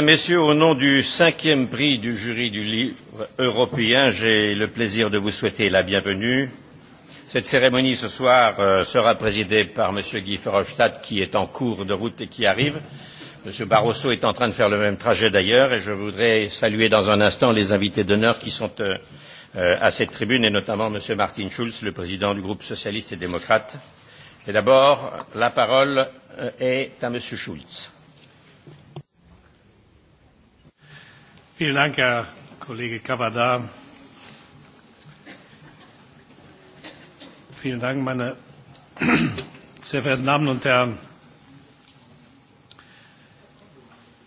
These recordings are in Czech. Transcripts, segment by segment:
Messieurs, au nom du cinquième prix du jury du livre européen, j'ai le plaisir de vous souhaiter la bienvenue. Cette cérémonie ce soir euh, sera présidée par M. Guy Verhofstadt qui est en cours de route et qui arrive. M. Barroso est en train de faire le même trajet d'ailleurs et je voudrais saluer dans un instant les invités d'honneur qui sont euh, euh, à cette tribune et notamment M. Martin Schulz, le président du groupe socialiste et démocrate. Et d'abord, la parole euh, est à M. Schulz. Vielen Dank, Herr Kollege Cavada. Vielen Dank, meine sehr verehrten Damen und Herren.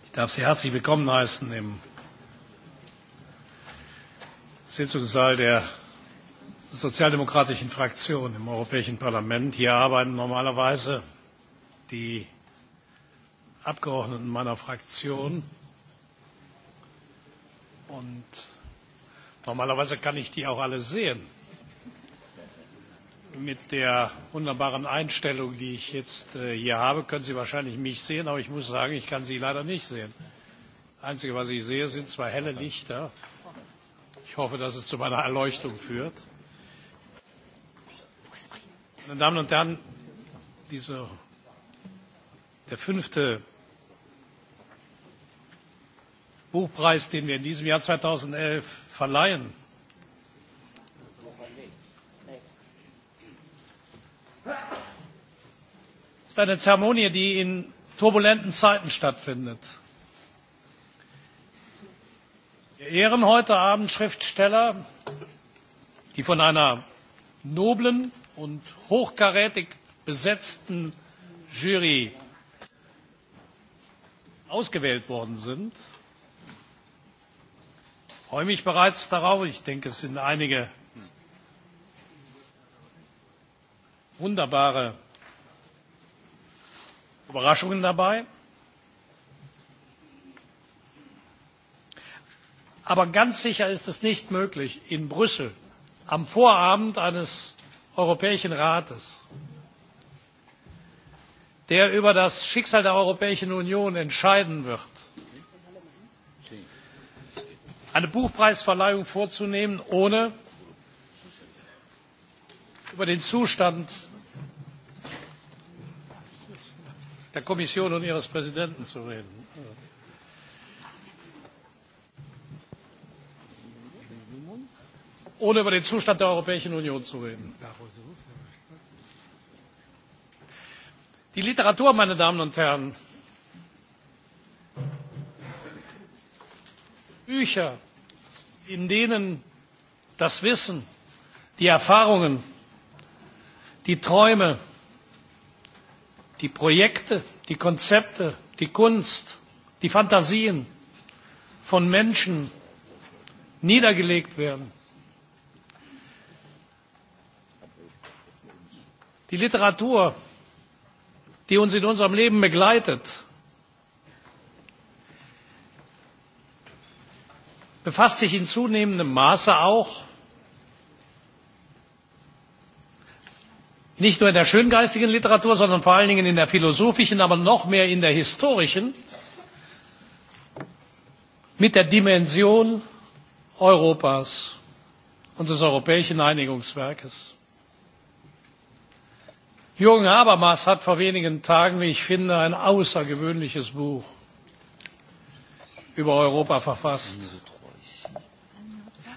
Ich darf Sie herzlich willkommen heißen im Sitzungssaal der sozialdemokratischen Fraktion im Europäischen Parlament. Hier arbeiten normalerweise die Abgeordneten meiner Fraktion. Und normalerweise kann ich die auch alle sehen. Mit der wunderbaren Einstellung, die ich jetzt äh, hier habe, können Sie wahrscheinlich mich sehen, aber ich muss sagen, ich kann Sie leider nicht sehen. Das Einzige, was ich sehe, sind zwei helle Lichter. Ich hoffe, dass es zu meiner Erleuchtung führt. Meine Damen und Herren, diese, der fünfte Buchpreis, den wir in diesem Jahr 2011 verleihen. ist eine Zeremonie, die in turbulenten Zeiten stattfindet. Wir ehren heute Abend Schriftsteller, die von einer noblen und hochkarätig besetzten Jury ausgewählt worden sind freue mich bereits darauf. Ich denke, es sind einige wunderbare Überraschungen dabei. Aber ganz sicher ist es nicht möglich, in Brüssel am Vorabend eines Europäischen Rates, der über das Schicksal der Europäischen Union entscheiden wird, eine buchpreisverleihung vorzunehmen ohne über den zustand der kommission und ihres präsidenten zu reden. ohne über den zustand der europäischen union zu reden. die literatur meine damen und herren bücher in denen das Wissen, die Erfahrungen, die Träume, die Projekte, die Konzepte, die Kunst, die phantasien von Menschen niedergelegt werden. Die Literatur, die uns in unserem Leben begleitet, befasst sich in zunehmendem Maße auch nicht nur in der schöngeistigen Literatur, sondern vor allen Dingen in der philosophischen, aber noch mehr in der historischen mit der Dimension Europas und des europäischen Einigungswerkes. Jürgen Habermas hat vor wenigen Tagen, wie ich finde, ein außergewöhnliches Buch über Europa verfasst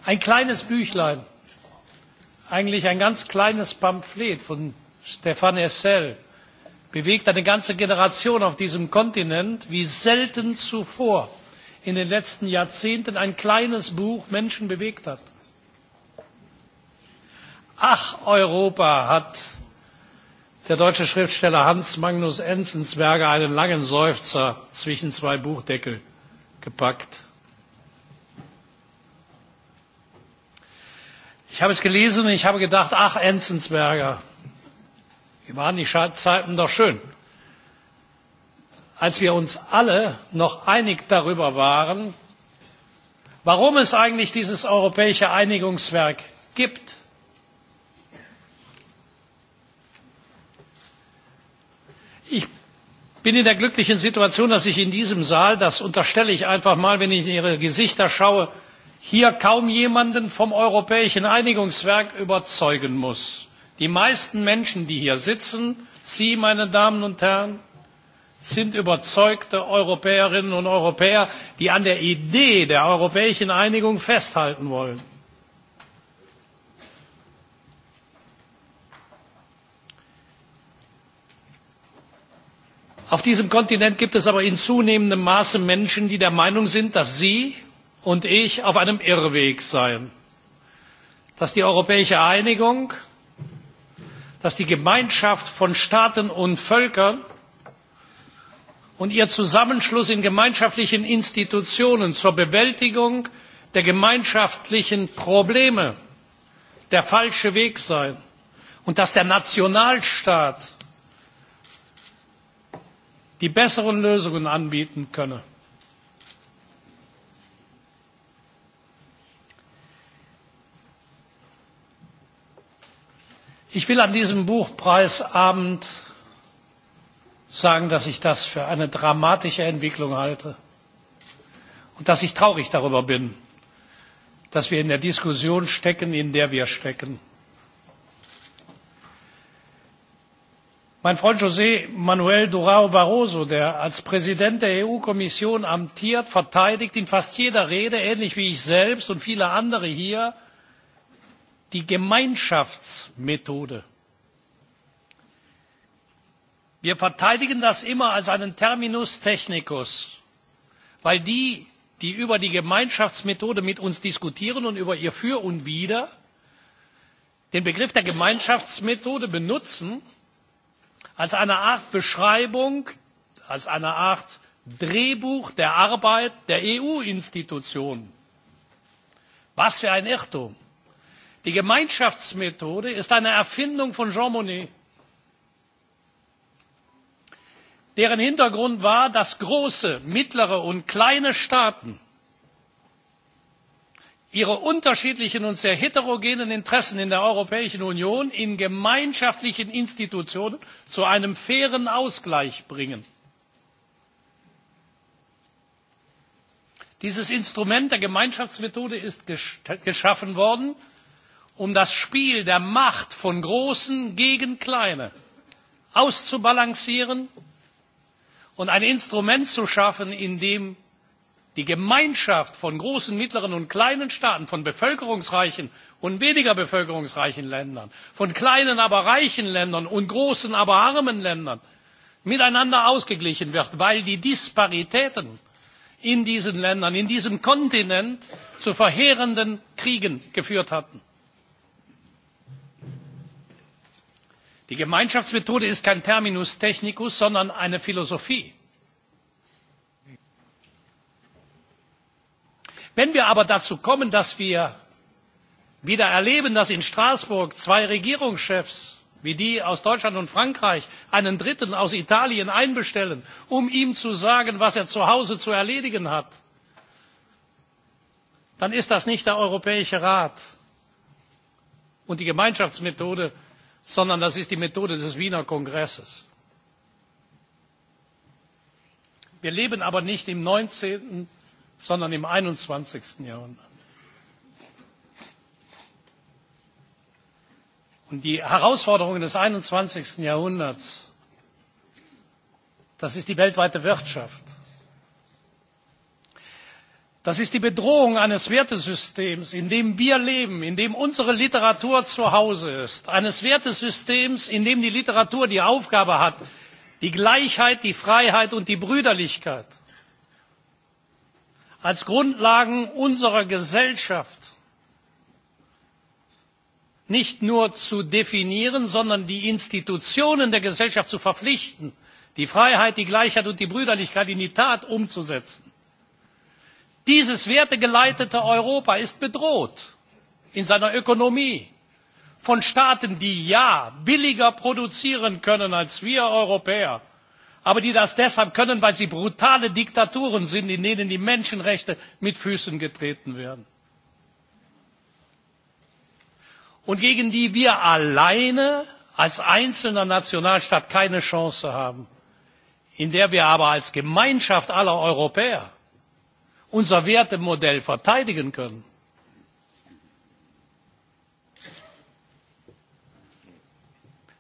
ein kleines büchlein eigentlich ein ganz kleines pamphlet von stefan hessel bewegt eine ganze generation auf diesem kontinent wie selten zuvor in den letzten jahrzehnten ein kleines buch menschen bewegt hat. ach europa hat der deutsche schriftsteller hans magnus enzensberger einen langen seufzer zwischen zwei buchdeckel gepackt. Ich habe es gelesen und ich habe gedacht, ach, Enzensberger, wie waren die Zeiten doch schön. Als wir uns alle noch einig darüber waren, warum es eigentlich dieses europäische Einigungswerk gibt. Ich bin in der glücklichen Situation, dass ich in diesem Saal, das unterstelle ich einfach mal, wenn ich in Ihre Gesichter schaue, hier kaum jemanden vom europäischen Einigungswerk überzeugen muss. Die meisten Menschen, die hier sitzen, Sie, meine Damen und Herren, sind überzeugte Europäerinnen und Europäer, die an der Idee der europäischen Einigung festhalten wollen. Auf diesem Kontinent gibt es aber in zunehmendem Maße Menschen, die der Meinung sind, dass sie und ich auf einem Irrweg seien, dass die europäische Einigung, dass die Gemeinschaft von Staaten und Völkern und ihr Zusammenschluss in gemeinschaftlichen Institutionen zur Bewältigung der gemeinschaftlichen Probleme der falsche Weg sein und dass der Nationalstaat die besseren Lösungen anbieten könne. Ich will an diesem Buchpreisabend sagen, dass ich das für eine dramatische Entwicklung halte und dass ich traurig darüber bin, dass wir in der Diskussion stecken, in der wir stecken. Mein Freund José Manuel Durao Barroso, der als Präsident der EU-Kommission amtiert, verteidigt in fast jeder Rede, ähnlich wie ich selbst und viele andere hier, die gemeinschaftsmethode. wir verteidigen das immer als einen terminus technicus weil die die über die gemeinschaftsmethode mit uns diskutieren und über ihr für und wider den begriff der gemeinschaftsmethode benutzen als eine art beschreibung als eine art drehbuch der arbeit der eu institutionen. was für ein irrtum! Die Gemeinschaftsmethode ist eine Erfindung von Jean Monnet, deren Hintergrund war, dass große, mittlere und kleine Staaten ihre unterschiedlichen und sehr heterogenen Interessen in der Europäischen Union in gemeinschaftlichen Institutionen zu einem fairen Ausgleich bringen. Dieses Instrument der Gemeinschaftsmethode ist geschaffen worden um das Spiel der Macht von Großen gegen Kleine auszubalancieren und ein Instrument zu schaffen, in dem die Gemeinschaft von großen, mittleren und kleinen Staaten, von bevölkerungsreichen und weniger bevölkerungsreichen Ländern, von kleinen, aber reichen Ländern und großen, aber armen Ländern miteinander ausgeglichen wird, weil die Disparitäten in diesen Ländern, in diesem Kontinent zu verheerenden Kriegen geführt hatten. Die Gemeinschaftsmethode ist kein Terminus technicus, sondern eine Philosophie. Wenn wir aber dazu kommen, dass wir wieder erleben, dass in Straßburg zwei Regierungschefs wie die aus Deutschland und Frankreich einen Dritten aus Italien einbestellen, um ihm zu sagen, was er zu Hause zu erledigen hat, dann ist das nicht der Europäische Rat. Und die Gemeinschaftsmethode sondern das ist die methode des wiener kongresses. wir leben aber nicht im. neunzehn sondern im. einundzwanzig jahrhundert. und die herausforderungen des. einundzwanzig jahrhunderts das ist die weltweite wirtschaft Das ist die Bedrohung eines Wertesystems, in dem wir leben, in dem unsere Literatur zu Hause ist, eines Wertesystems, in dem die Literatur die Aufgabe hat, die Gleichheit, die Freiheit und die Brüderlichkeit als Grundlagen unserer Gesellschaft nicht nur zu definieren, sondern die Institutionen der Gesellschaft zu verpflichten, die Freiheit, die Gleichheit und die Brüderlichkeit in die Tat umzusetzen. Dieses wertegeleitete Europa ist bedroht in seiner Ökonomie von Staaten, die ja billiger produzieren können als wir Europäer, aber die das deshalb können, weil sie brutale Diktaturen sind, in denen die Menschenrechte mit Füßen getreten werden. Und gegen die wir alleine als einzelner Nationalstaat keine Chance haben, in der wir aber als Gemeinschaft aller Europäer unser Wertemodell verteidigen können,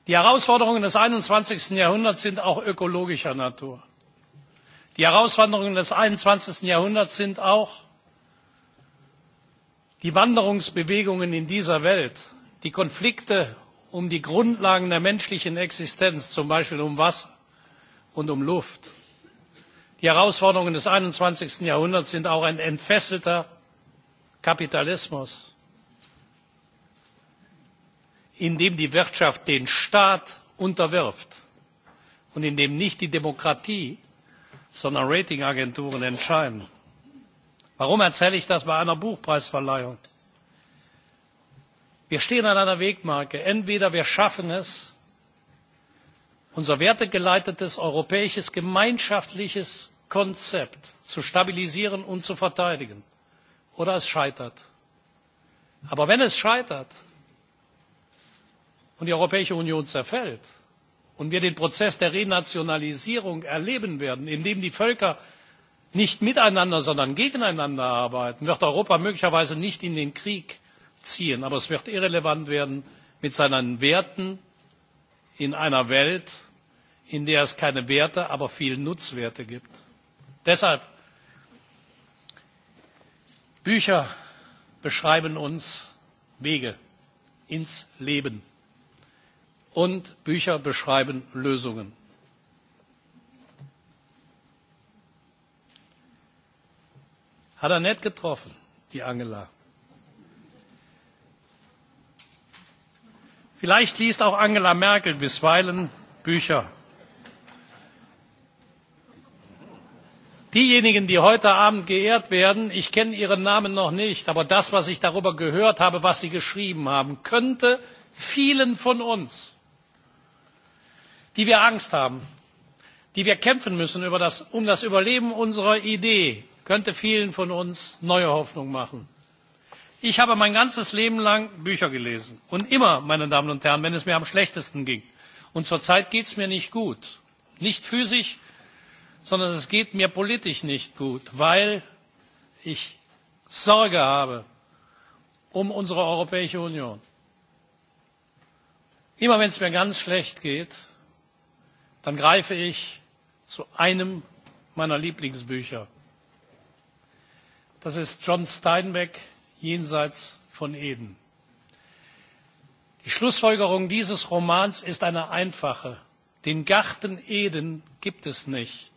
Die Herausforderungen des 21. Jahrhunderts sind auch ökologischer Natur. Die Herausforderungen des 21. Jahrhunderts sind auch die Wanderungsbewegungen in dieser Welt, die Konflikte um die Grundlagen der menschlichen Existenz, zum Beispiel um Wasser und um Luft die herausforderungen des. einundzwanzig jahrhunderts sind auch ein entfesselter kapitalismus in dem die wirtschaft den staat unterwirft und in dem nicht die demokratie sondern ratingagenturen entscheiden. warum erzähle ich das bei einer buchpreisverleihung? wir stehen an einer wegmarke entweder wir schaffen unser wertegeleitetes europäisches gemeinschaftliches konzept zu stabilisieren und zu verteidigen oder es scheitert. aber wenn es scheitert und die europäische union zerfällt und wir den prozess der renationalisierung erleben werden in dem die völker nicht miteinander sondern gegeneinander arbeiten wird europa möglicherweise nicht in den krieg ziehen aber es wird irrelevant werden mit seinen werten in einer Welt, in der es keine Werte, aber viel Nutzwerte gibt. Deshalb, Bücher beschreiben uns Wege ins Leben und Bücher beschreiben Lösungen. Hat er nett getroffen, die Angela. vielleicht liest auch angela merkel bisweilen bücher. diejenigen die heute abend geehrt werden ich kenne ihren namen noch nicht aber das was ich darüber gehört habe was sie geschrieben haben könnte vielen von uns die wir angst haben die wir kämpfen müssen um das überleben unserer idee könnte vielen von uns neue hoffnung machen. Ich habe mein ganzes Leben lang Bücher gelesen. Und immer, meine Damen und Herren, wenn es mir am schlechtesten ging. Und zurzeit geht es mir nicht gut. Nicht physisch, sondern es geht mir politisch nicht gut, weil ich Sorge habe um unsere Europäische Union. Immer wenn es mir ganz schlecht geht, dann greife ich zu einem meiner Lieblingsbücher. Das ist John Steinbeck jenseits von eden. die schlussfolgerung dieses romans ist eine einfache den garten eden gibt es nicht.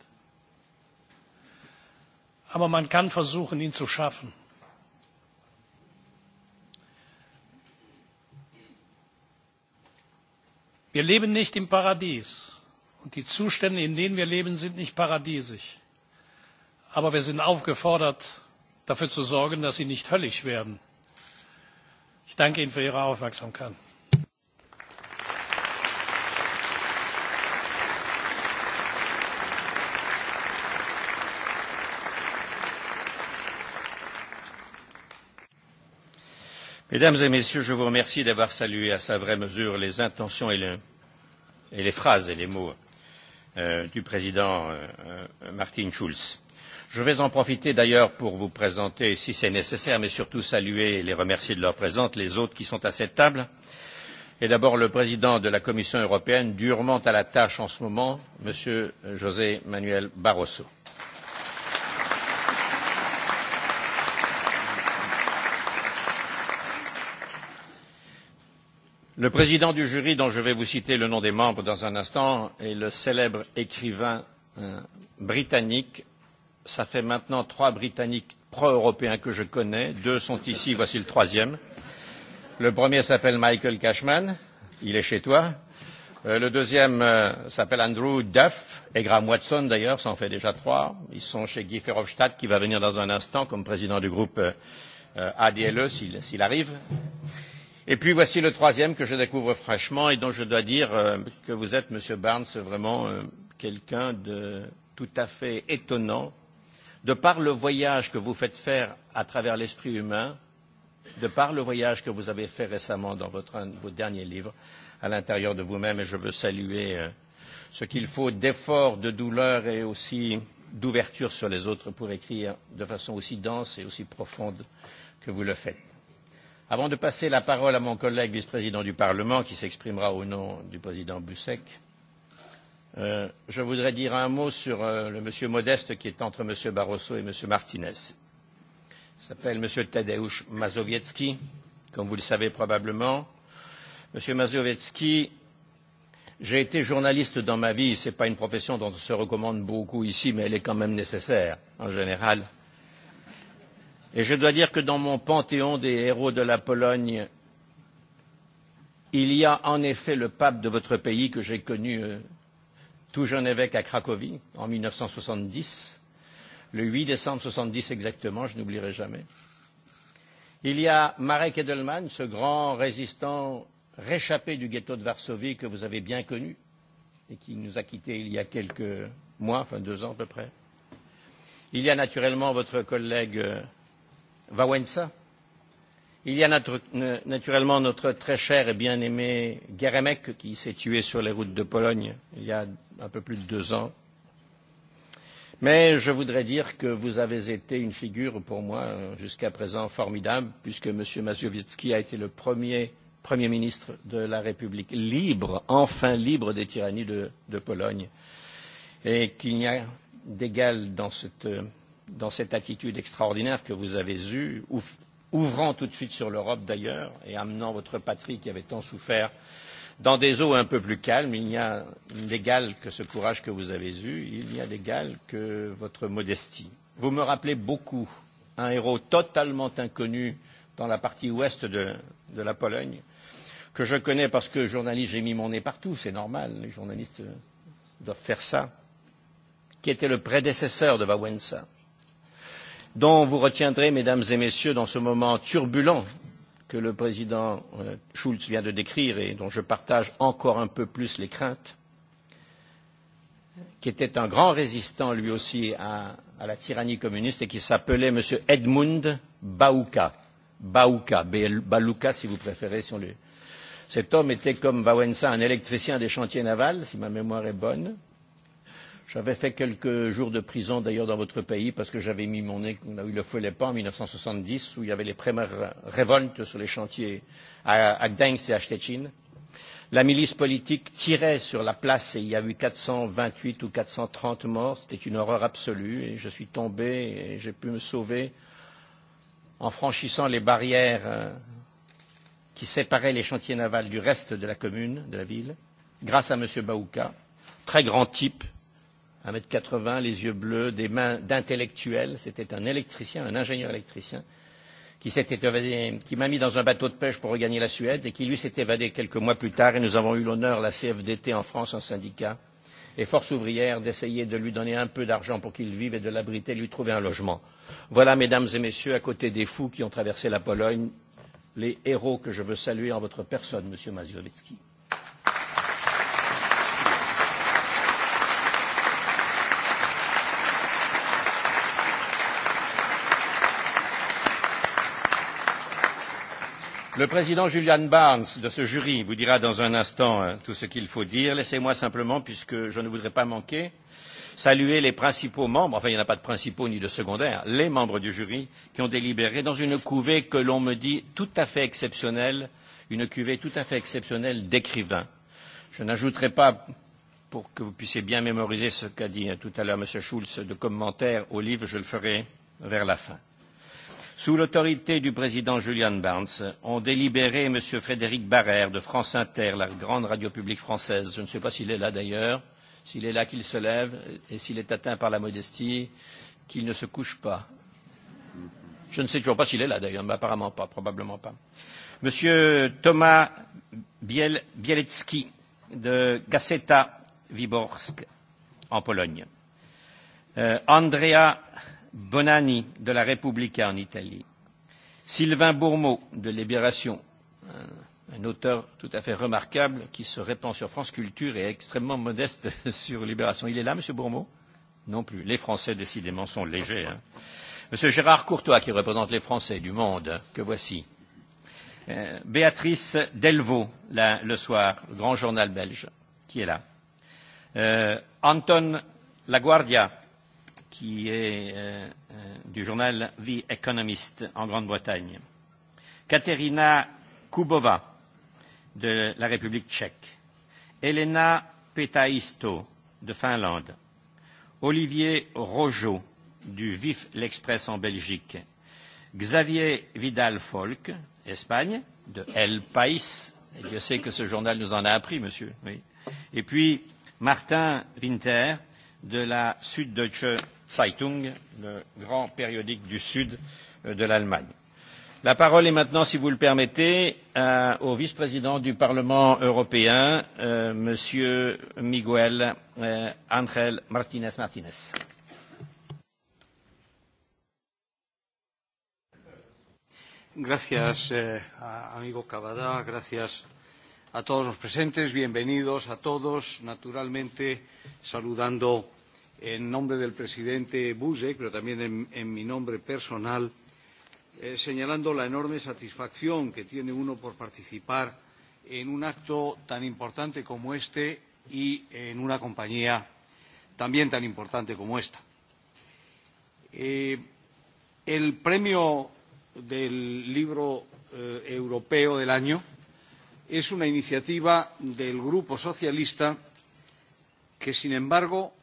aber man kann versuchen ihn zu schaffen. wir leben nicht im paradies und die zustände in denen wir leben sind nicht paradiesisch aber wir sind aufgefordert dafür zu sorgen, dass sie nicht höllisch werden. Ich danke Ihnen für Ihre Aufmerksamkeit. Mesdames et Messieurs, je vous remercie d'avoir salué à sa vraie mesure les intentions et, le, et les phrases et les mots euh, du président euh, euh Martin Schulz. Je vais en profiter d'ailleurs pour vous présenter, si c'est nécessaire, mais surtout saluer et les remercier de leur présence, les autres qui sont à cette table. Et d'abord le président de la Commission européenne, durement à la tâche en ce moment, M. José Manuel Barroso. Le président du jury, dont je vais vous citer le nom des membres dans un instant, est le célèbre écrivain euh, britannique ça fait maintenant trois Britanniques pro-européens que je connais. Deux sont ici, voici le troisième. Le premier s'appelle Michael Cashman, il est chez toi. Euh, le deuxième euh, s'appelle Andrew Duff et Graham Watson d'ailleurs, ça en fait déjà trois. Ils sont chez Guy Verhofstadt qui va venir dans un instant comme président du groupe euh, euh ADLE s'il arrive. Et puis voici le troisième que je découvre fraîchement et dont je dois dire euh, que vous êtes, Monsieur Barnes, vraiment euh, quelqu'un de tout à fait étonnant de par le voyage que vous faites faire à travers l'esprit humain, de par le voyage que vous avez fait récemment dans votre, un de vos derniers livres, à l'intérieur de vous-même, et je veux saluer euh, ce qu'il faut d'efforts, de douleur et aussi d'ouverture sur les autres pour écrire de façon aussi dense et aussi profonde que vous le faites. Avant de passer la parole à mon collègue vice-président du Parlement, qui s'exprimera au nom du président Busek, Euh, je voudrais dire un mot sur euh, le monsieur modeste qui est entre M. Barroso et M. Martinez. Il s'appelle M. Tadeusz Mazowiecki, comme vous le savez probablement. Monsieur Mazowiecki, j'ai été journaliste dans ma vie, ce n'est pas une profession dont on se recommande beaucoup ici, mais elle est quand même nécessaire en général. Et je dois dire que dans mon panthéon des héros de la Pologne, il y a en effet le pape de votre pays que j'ai connu euh, tout jeune évêque à Cracovie en 1970, le 8 décembre 70 exactement, je n'oublierai jamais. Il y a Marek Edelman, ce grand résistant réchappé du ghetto de Varsovie que vous avez bien connu et qui nous a quittés il y a quelques mois, enfin deux ans à peu près. Il y a naturellement votre collègue euh, Wałęsa. Il y a notre, naturellement notre très cher et bien-aimé Geremek qui s'est tué sur les routes de Pologne il y a un peu plus de deux ans. Mais je voudrais dire que vous avez été une figure pour moi euh, jusqu'à présent formidable, puisque M. Mazowiecki a été le premier Premier ministre de la République libre, enfin libre des tyrannies de, de Pologne, et qu'il n'y a d'égal dans cette, dans cette attitude extraordinaire que vous avez eue, ouvrant tout de suite sur l'Europe d'ailleurs, et amenant votre patrie qui avait tant souffert euh, dans des eaux un peu plus calmes, il n'y a d'égal que ce courage que vous avez eu, il n'y a d'égal que votre modestie. Vous me rappelez beaucoup un héros totalement inconnu dans la partie ouest de, de la Pologne, que je connais parce que journaliste, j'ai mis mon nez partout, c'est normal, les journalistes doivent faire ça, qui était le prédécesseur de Wałęsa, dont vous retiendrez, mesdames et messieurs, dans ce moment turbulent que le président euh, Schulz vient de décrire et dont je partage encore un peu plus les craintes, qui était un grand résistant lui aussi à, à la tyrannie communiste et qui s'appelait M. Edmund Bauka. Bauka, Baluka si vous préférez. Si on le... Cet homme était comme Vawensa un électricien des chantiers navals, si ma mémoire est bonne, J'avais fait quelques jours de prison d'ailleurs dans votre pays parce que j'avais mis mon nez, on a eu le feu pas en 1970 où il y avait les premières révoltes sur les chantiers à, à Gdańsk et à Stettin. La milice politique tirait sur la place et il y a eu 428 ou 430 morts. C'était une horreur absolue et je suis tombé et j'ai pu me sauver en franchissant les barrières euh, qui séparaient les chantiers navals du reste de la commune, de la ville, grâce à M. Baouka, très grand type, 1m80, les yeux bleus, des mains d'intellectuel. C'était un électricien, un ingénieur électricien, qui s'était évadé, qui m'a mis dans un bateau de pêche pour regagner la Suède et qui lui s'est évadé quelques mois plus tard. Et nous avons eu l'honneur, la CFDT en France, un syndicat, et Force ouvrière, d'essayer de lui donner un peu d'argent pour qu'il vive et de l'abriter, lui trouver un logement. Voilà, mesdames et messieurs, à côté des fous qui ont traversé la Pologne, les héros que je veux saluer en votre personne, Monsieur Mazowiecki. Le président Julian Barnes de ce jury vous dira dans un instant tout ce qu'il faut dire. Laissez-moi simplement, puisque je ne voudrais pas manquer, saluer les principaux membres, enfin il n'y en a pas de principaux ni de secondaires, les membres du jury qui ont délibéré dans une couvée que l'on me dit tout à fait exceptionnelle, une cuvée tout à fait exceptionnelle d'écrivains. Je n'ajouterai pas, pour que vous puissiez bien mémoriser ce qu'a dit tout à l'heure M. Schulz de commentaires au livre, je le ferai vers la fin. Sous l'autorité du président Julian Barnes, ont délibéré M. Frédéric Barrère de France Inter, la grande radio publique française, je ne sais pas s'il est là d'ailleurs, s'il est là qu'il se lève et s'il est atteint par la modestie, qu'il ne se couche pas. Je ne sais toujours pas s'il est là d'ailleurs, mais apparemment pas, probablement pas. M. Thomas Biel Bielecki de Gazeta Wyborsk en Pologne. Euh, Andrea Bonanni de la Repubblica en Italie, Sylvain Bourmeau de Libération, un, un auteur tout à fait remarquable qui se répand sur France Culture et est extrêmement modeste sur Libération. Il est là, Monsieur Bourmeau Non plus. Les Français, décidément, sont légers. Hein. Monsieur Gérard Courtois, qui représente les Français du monde, que voici. Euh, Béatrice Delvaux, là, le soir, grand journal belge, qui est là. Euh, Anton Laguardia, qui est euh, euh, du journal The Economist en Grande-Bretagne. Katerina Kubova de la République tchèque. Elena Petaisto de Finlande. Olivier Rogeau du Vif l'Express en Belgique. Xavier Vidal-Folk, Espagne, de El País. Et Dieu sait que ce journal nous en a appris, monsieur. Oui. Et puis Martin Winter de la Süddeutsche Zeitung, le grand périodique du sud euh, de l'Allemagne. La parole est maintenant, si vous le permettez, à, au vice-président du Parlement européen, euh, Monsieur Miguel euh, Ángel Martínez Martínez. Gracias, eh, amigo Cavada. Gracias a todos los presentes. Bienvenidos a todos. Naturalmente, saludando en nombre del presidente Buzek, pero también en, en mi nombre personal, eh, señalando la enorme satisfacción que tiene uno por participar en un acto tan importante como este y en una compañía también tan importante como esta. Eh, el premio del libro eh, europeo del año es una iniciativa del Grupo Socialista que, sin embargo,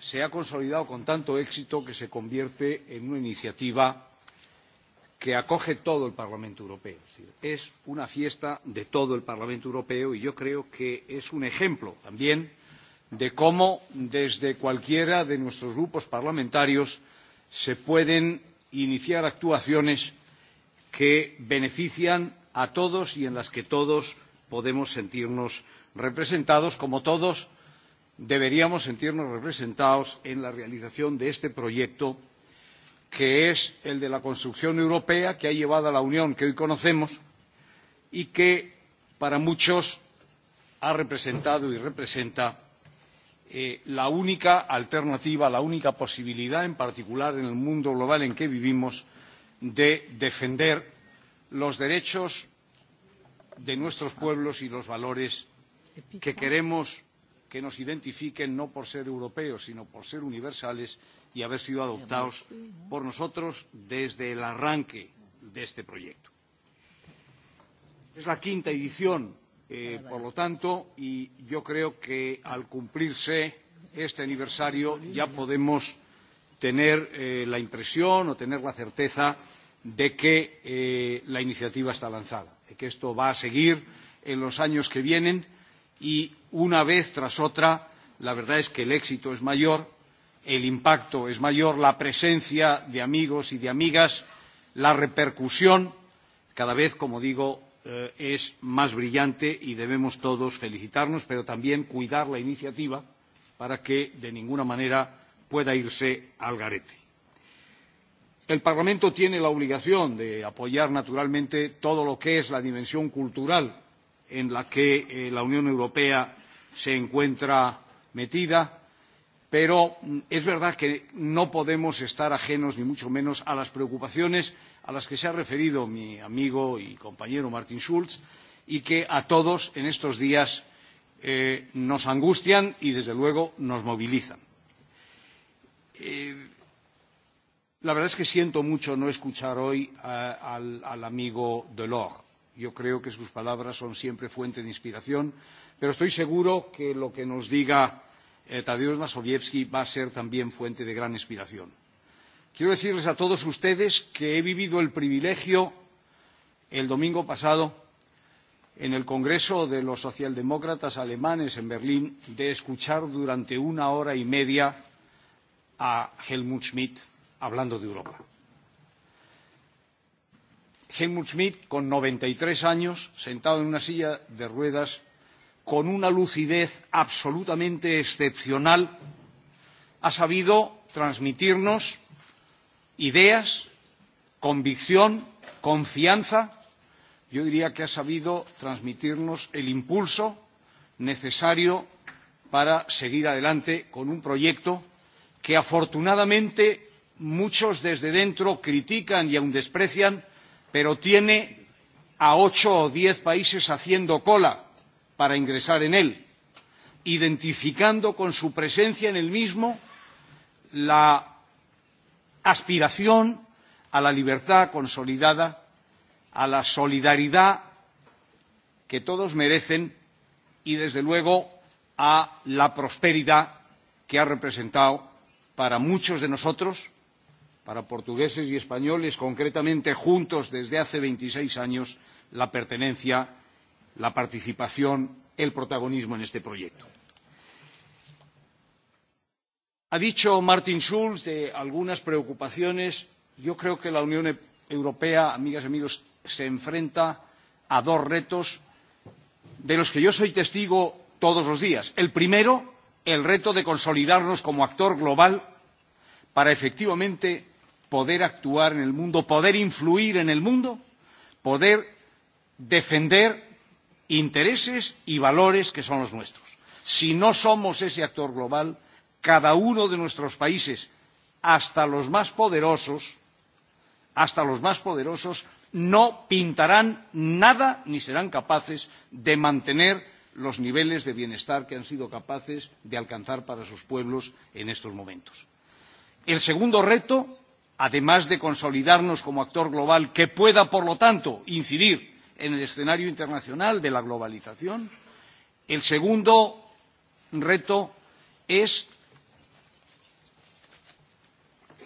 se ha consolidado con tanto éxito que se convierte en una iniciativa que acoge todo el Parlamento Europeo. Es, decir, es una fiesta de todo el Parlamento Europeo y yo creo que es un ejemplo también de cómo desde cualquiera de nuestros grupos parlamentarios se pueden iniciar actuaciones que benefician a todos y en las que todos podemos sentirnos representados, como todos deberíamos sentirnos representados en la realización de este proyecto, que es el de la construcción europea que ha llevado a la Unión que hoy conocemos y que para muchos ha representado y representa eh, la única alternativa, la única posibilidad, en particular en el mundo global en que vivimos, de defender los derechos de nuestros pueblos y los valores que queremos que nos identifiquen no por ser europeos, sino por ser universales y haber sido adoptados ¿no? por nosotros desde el arranque de este proyecto. Es la quinta edición, eh, por lo tanto, y yo creo que al cumplirse este aniversario ya podemos tener eh, la impresión o tener la certeza de que eh, la iniciativa está lanzada, de que esto va a seguir en los años que vienen y una vez tras otra, la verdad es que el éxito es mayor, el impacto es mayor, la presencia de amigos y de amigas, la repercusión cada vez, como digo, eh, es más brillante y debemos todos felicitarnos, pero también cuidar la iniciativa para que de ninguna manera pueda irse al garete. El Parlamento tiene la obligación de apoyar naturalmente todo lo que es la dimensión cultural en la que eh, la Unión Europea se encuentra metida, pero mm, es verdad que no podemos estar ajenos, ni mucho menos, a las preocupaciones a las que se ha referido mi amigo y compañero Martin Schulz y que a todos en estos días eh, nos angustian y, desde luego, nos movilizan. Eh, la verdad es que siento mucho no escuchar hoy a, eh, al, al amigo Delors Yo creo que sus palabras son siempre fuente de inspiración, pero estoy seguro que lo que nos diga eh, Tadeusz Mazowiecki va a ser también fuente de gran inspiración. Quiero decirles a todos ustedes que he vivido el privilegio el domingo pasado en el Congreso de los Socialdemócratas Alemanes en Berlín de escuchar durante una hora y media a Helmut Schmidt hablando de Europa. Helmut Schmidt, con 93 años, sentado en una silla de ruedas, con una lucidez absolutamente excepcional, ha sabido transmitirnos ideas, convicción, confianza. Yo diría que ha sabido transmitirnos el impulso necesario para seguir adelante con un proyecto que afortunadamente muchos desde dentro critican y aun desprecian, pero tiene a ocho o diez países haciendo cola para ingresar en él, identificando con su presencia en el mismo la aspiración a la libertad consolidada, a la solidaridad que todos merecen y, desde luego, a la prosperidad que ha representado para muchos de nosotros para portugueses y españoles, concretamente juntos desde hace 26 años, la pertenencia, la participación, el protagonismo en este proyecto. Ha dicho Martin Schulz de algunas preocupaciones. Yo creo que la Unión Europea, amigas y amigos, se enfrenta a dos retos de los que yo soy testigo todos los días. El primero, el reto de consolidarnos como actor global para efectivamente poder actuar en el mundo, poder influir en el mundo, poder defender intereses y valores que son los nuestros. Si no somos ese actor global, cada uno de nuestros países, hasta los más poderosos, hasta los más poderosos, no pintarán nada ni serán capaces de mantener los niveles de bienestar que han sido capaces de alcanzar para sus pueblos en estos momentos. El segundo reto además de consolidarnos como actor global que pueda, por lo tanto, incidir en el escenario internacional de la globalización. El segundo reto es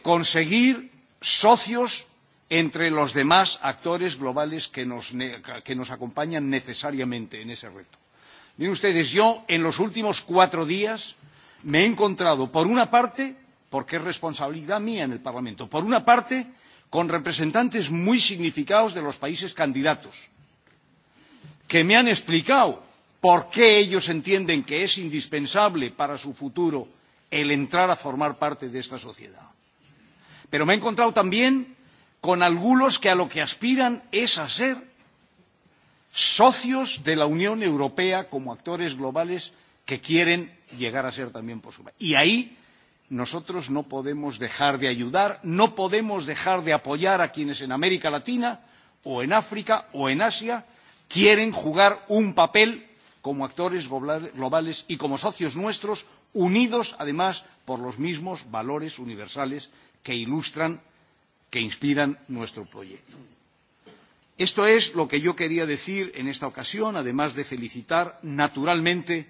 conseguir socios entre los demás actores globales que nos, que nos acompañan necesariamente en ese reto. Miren ustedes, yo en los últimos cuatro días me he encontrado, por una parte, porque es responsabilidad mía en el Parlamento. Por una parte, con representantes muy significados de los países candidatos, que me han explicado por qué ellos entienden que es indispensable para su futuro el entrar a formar parte de esta sociedad. Pero me he encontrado también con algunos que a lo que aspiran es a ser socios de la Unión Europea como actores globales que quieren llegar a ser también por su país. Y ahí nosotros no podemos dejar de ayudar, no podemos dejar de apoyar a quienes en América Latina o en África o en Asia quieren jugar un papel como actores globales y como socios nuestros, unidos además por los mismos valores universales que ilustran, que inspiran nuestro proyecto. Esto es lo que yo quería decir en esta ocasión, además de felicitar naturalmente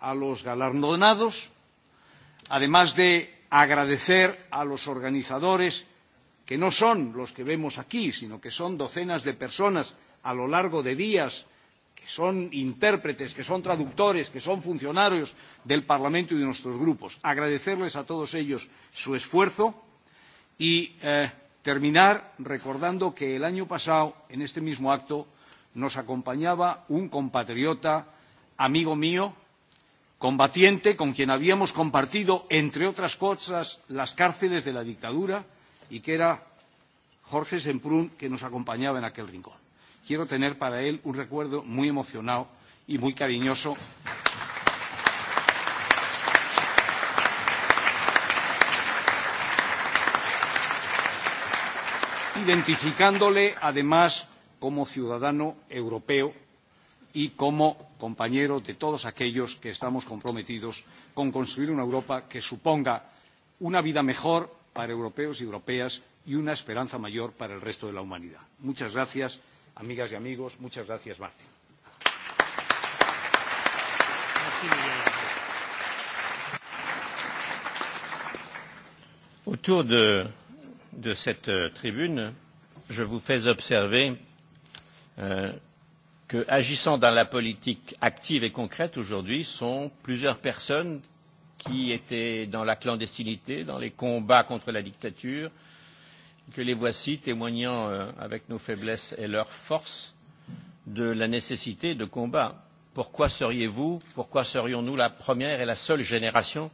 a los galardonados además de agradecer a los organizadores, que no son los que vemos aquí, sino que son docenas de personas a lo largo de días, que son intérpretes, que son traductores, que son funcionarios del Parlamento y de nuestros grupos. Agradecerles a todos ellos su esfuerzo y eh, terminar recordando que el año pasado, en este mismo acto, nos acompañaba un compatriota, amigo mío, combatiente con quien habíamos compartido, entre otras cosas, las cárceles de la dictadura y que era Jorge Semprún, que nos acompañaba en aquel rincón. Quiero tener para él un recuerdo muy emocionado y muy cariñoso. identificándole además como ciudadano europeo y como compañero de todos aquellos que estamos comprometidos con construir una Europa que suponga una vida mejor para europeos y europeas y una esperanza mayor para el resto de la humanidad. Muchas gracias, amigas y amigos. Muchas gracias, Martín. Autour de, de cette tribune, je vous fais observer euh, que, agissant dans la politique active et concrète aujourd'hui, sont plusieurs personnes qui étaient dans la clandestinité, dans les combats contre la dictature, que les voici témoignant euh, avec nos faiblesses et leurs forces de la nécessité de combat. Pourquoi seriez-vous, pourquoi serions-nous la première et la seule génération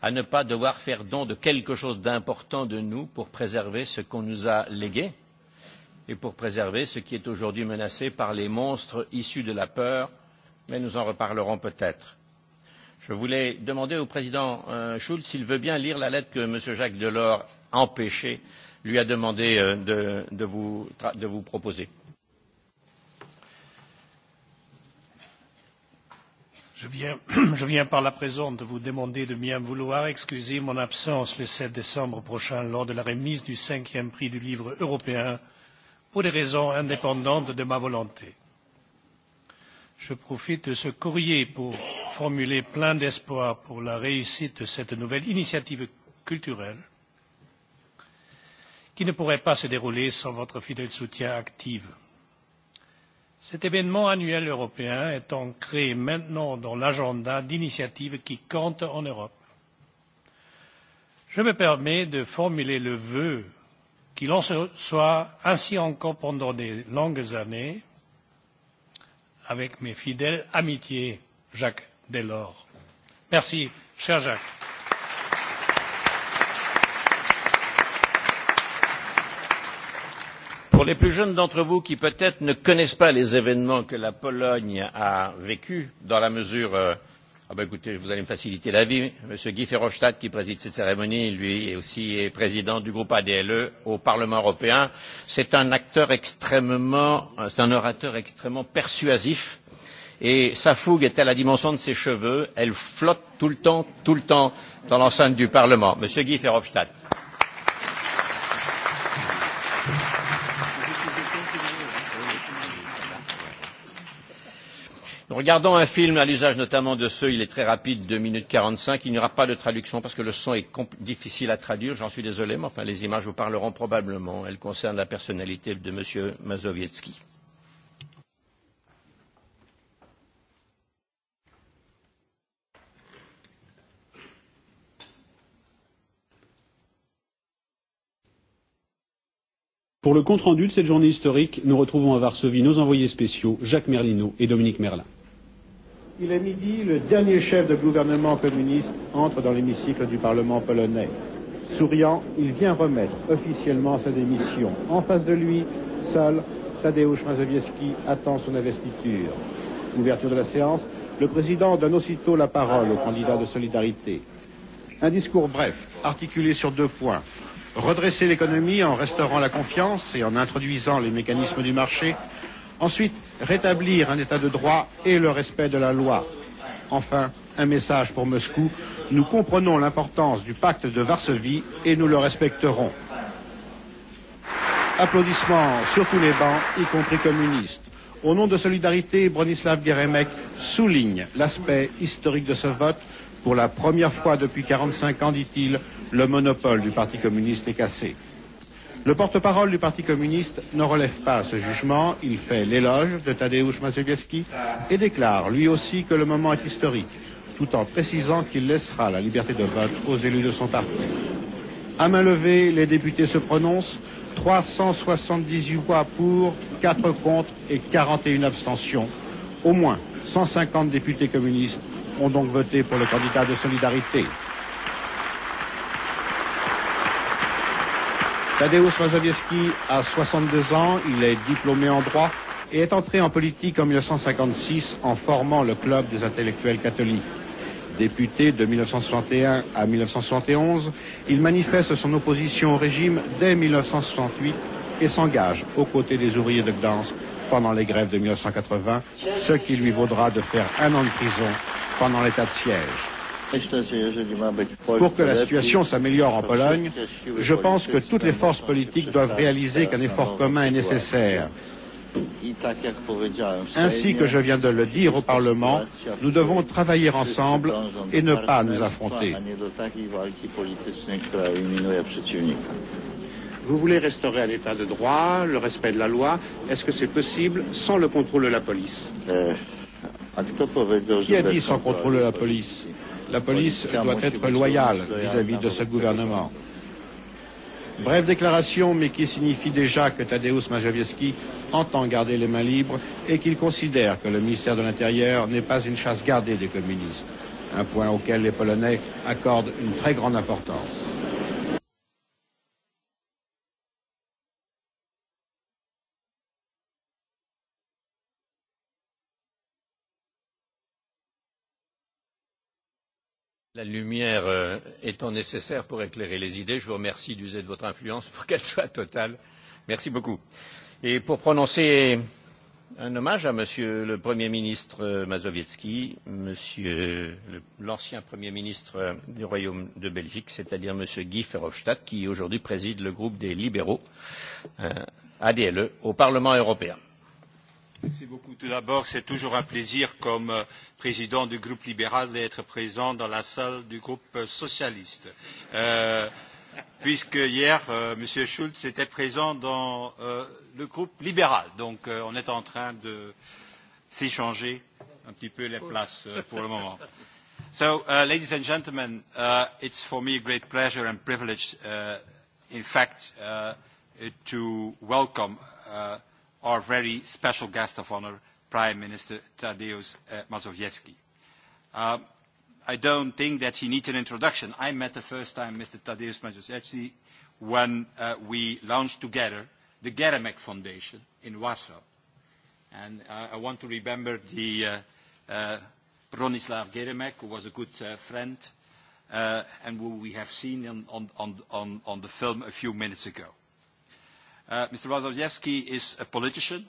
à ne pas devoir faire don de quelque chose d'important de nous pour préserver ce qu'on nous a légué et pour préserver ce qui est aujourd'hui menacé par les monstres issus de la peur, mais nous en reparlerons peut-être. Je voulais demander au président euh, Schulz s'il veut bien lire la lettre que M. Jacques Delors, empêché, lui a demandé euh, de, de, vous, de vous proposer. Je viens, je viens par la présente vous demander de bien vouloir excuser mon absence le 7 décembre prochain lors de la remise du cinquième prix du livre européen pour des raisons indépendantes de ma volonté. Je profite de ce courrier pour formuler plein d'espoir pour la réussite de cette nouvelle initiative culturelle qui ne pourrait pas se dérouler sans votre fidèle soutien actif. Cet événement annuel européen est ancré maintenant dans l'agenda d'initiatives qui comptent en Europe. Je me permets de formuler le vœu qu'il en soit ainsi encore pendant de longues années avec mes fidèles amitiés Jacques Delors. Merci, cher Jacques. Pour les plus jeunes d'entre vous qui peut-être ne connaissent pas les événements que la Pologne a vécu dans la mesure euh, Ah ben écoutez, vous allez me faciliter la vie. Monsieur Guy Verhofstadt, qui préside cette cérémonie, lui aussi est président du groupe ADLE au Parlement européen. C'est un acteur extrêmement, euh, c'est un orateur extrêmement persuasif. Et sa fougue est à la dimension de ses cheveux. Elle flotte tout le temps, tout le temps dans l'enceinte du Parlement. Monsieur Guy Verhofstadt. regardant un film à l'usage notamment de ceux, il est très rapide, 2 minutes 45, il n'y aura pas de traduction parce que le son est difficile à traduire, j'en suis désolé, mais enfin les images vous parleront probablement. Elles concernent la personnalité de M. Mazowiecki. Pour le compte rendu de cette journée historique, nous retrouvons à Varsovie nos envoyés spéciaux Jacques Merlino et Dominique Merlin. Il est midi, le dernier chef de gouvernement communiste entre dans l'hémicycle du Parlement polonais. Souriant, il vient remettre officiellement sa démission. En face de lui, seul, Tadeusz Mazowiecki attend son investiture. Ouverture de la séance, le président donne aussitôt la parole au candidat de solidarité. Un discours bref, articulé sur deux points. Redresser l'économie en restaurant la confiance et en introduisant les mécanismes du marché Ensuite, rétablir un état de droit et le respect de la loi. Enfin, un message pour Moscou. Nous comprenons l'importance du pacte de Varsovie et nous le respecterons. Applaudissements sur tous les bancs, y compris communistes. Au nom de Solidarité, Bronislav Geremek souligne l'aspect historique de ce vote. Pour la première fois depuis 45 ans, dit-il, le monopole du Parti communiste est cassé. Le porte-parole du Parti communiste ne relève pas ce jugement. Il fait l'éloge de Tadeusz Mazowiecki et déclare lui aussi que le moment est historique, tout en précisant qu'il laissera la liberté de vote aux élus de son parti. À main levée, les députés se prononcent. 378 voix pour, 4 contre et 41 abstentions. Au moins 150 députés communistes ont donc voté pour le candidat de solidarité. Tadeusz Mazowiecki a 62 ans, il est diplômé en droit et est entré en politique en 1956 en formant le Club des intellectuels catholiques. Député de 1961 à 1971, il manifeste son opposition au régime dès 1968 et s'engage aux côtés des ouvriers de Gdansk pendant les grèves de 1980, ce qui lui vaudra de faire un an de prison pendant l'état de siège. Pour que la situation s'améliore en Pologne, je pense que toutes les forces politiques doivent réaliser qu'un effort commun est nécessaire. Ainsi que je viens de le dire au Parlement, nous devons travailler ensemble et ne pas nous affronter. Vous voulez restaurer un l'état de droit, le respect de la loi. Est-ce que c'est possible sans le contrôle de la police eh, Qui a dit sans contrôle de la police la police doit être loyale vis-à-vis -vis de ce gouvernement. Brève déclaration, mais qui signifie déjà que Tadeusz Majewski entend garder les mains libres et qu'il considère que le ministère de l'Intérieur n'est pas une chasse gardée des communistes, un point auquel les Polonais accordent une très grande importance. La lumière euh, étant nécessaire pour éclairer les idées, je vous remercie d'user de votre influence pour qu'elle soit totale. Merci beaucoup. Et pour prononcer un hommage à Monsieur le Premier ministre euh, Mazowiecki, Monsieur l'ancien Premier ministre euh, du Royaume de Belgique, c'est-à-dire Monsieur Guy Verhofstadt, qui aujourd'hui préside le groupe des libéraux euh, ADLE au Parlement européen. Merci beaucoup. Tout d'abord, c'est toujours un plaisir comme euh, président du groupe libéral d'être présent dans la salle du groupe euh, socialiste. Euh, puisque hier, euh, M. Schulz était présent dans euh, le groupe libéral. Donc, euh, on est en train de s'échanger un petit peu les places euh, pour le moment. So, uh, ladies and gentlemen, uh, it's for me a great pleasure and privilege, uh, in fact, uh, to welcome uh, our very special guest of honor, Prime Minister Tadeusz uh, Mazowiecki. Um, I don't think that he needs an introduction. I met the first time Mr. Tadeusz Mazowiecki when uh, we launched together the Geremek Foundation in Warsaw. And uh, I want to remember the uh, uh, Bronislav Geremek, who was a good uh, friend, uh, and who we have seen on, on, on, on the film a few minutes ago. Uh, Mr. Radoszewski is a politician.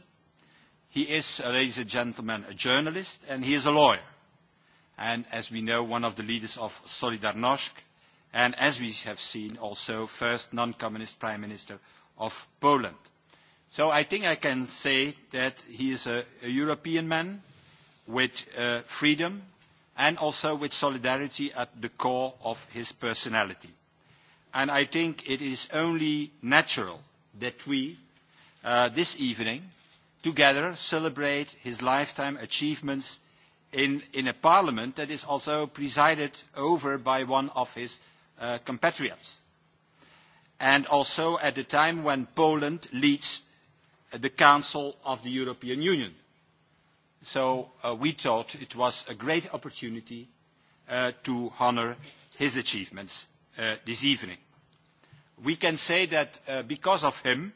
He is, uh, ladies and gentlemen, a journalist, and he is a lawyer. And as we know, one of the leaders of Solidarność, and as we have seen, also first non-communist prime minister of Poland. So I think I can say that he is a, a European man with uh, freedom and also with solidarity at the core of his personality. And I think it is only natural that we, uh, this evening, together celebrate his lifetime achievements in, in a parliament that is also presided over by one of his uh, compatriots. And also at the time when Poland leads the Council of the European Union. So uh, we thought it was a great opportunity uh, to honor his achievements uh, this evening we can say that uh, because of him,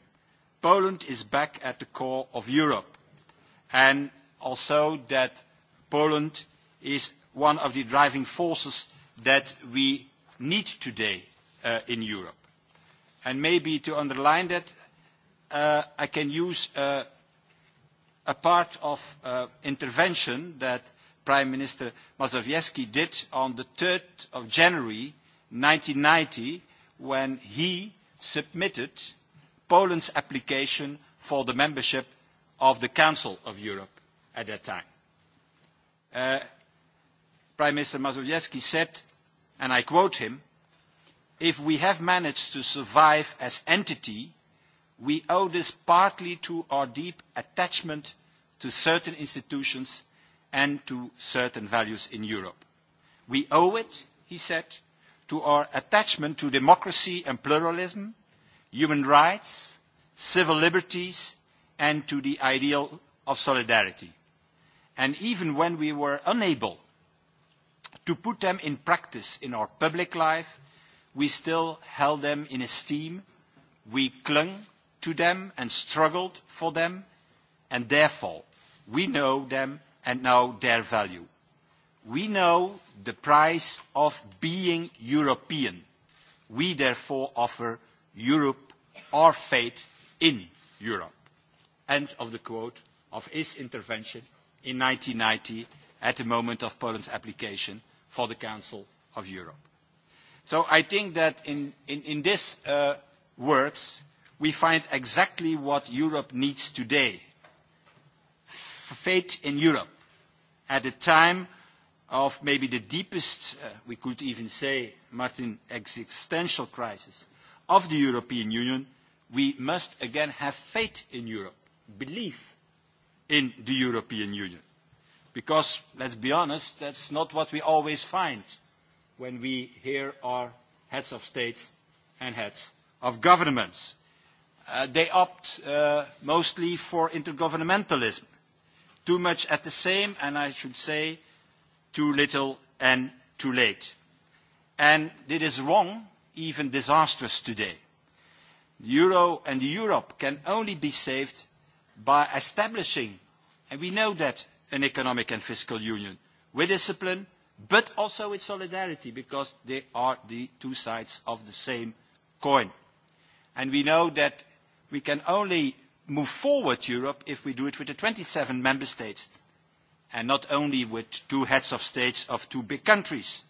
Poland is back at the core of Europe, and also that Poland is one of the driving forces that we need today uh, in Europe. And maybe to underline that, uh, I can use uh, a part of uh, intervention that Prime Minister Mazowiecki did on the 3rd of January 1990 when he submitted Poland's application for the membership of the Council of Europe at that time. Uh, Prime Minister Mazowiecki said, and I quote him, if we have managed to survive as entity, we owe this partly to our deep attachment to certain institutions and to certain values in Europe. We owe it, he said, to our attachment to democracy and pluralism, human rights, civil liberties, and to the ideal of solidarity. And even when we were unable to put them in practice in our public life, we still held them in esteem, we clung to them and struggled for them, and therefore we know them and know their value. We know the price of being European. We therefore offer Europe, our fate in Europe. End of the quote of his intervention in 1990 at the moment of Poland's application for the Council of Europe. So I think that in, in, in this uh, words, we find exactly what Europe needs today. F faith in Europe at a time of maybe the deepest, uh, we could even say, Martin, existential crisis of the European Union, we must again have faith in Europe, belief in the European Union. Because, let's be honest, that's not what we always find when we hear our heads of states and heads of governments. Uh, they opt uh, mostly for intergovernmentalism. Too much at the same, and I should say, too little and too late. And it is wrong, even disastrous today. The euro and the Europe can only be saved by establishing, and we know that, an economic and fiscal union with discipline, but also with solidarity, because they are the two sides of the same coin. And we know that we can only move forward Europe if we do it with the 27 member states and not only with two heads of states of two big countries.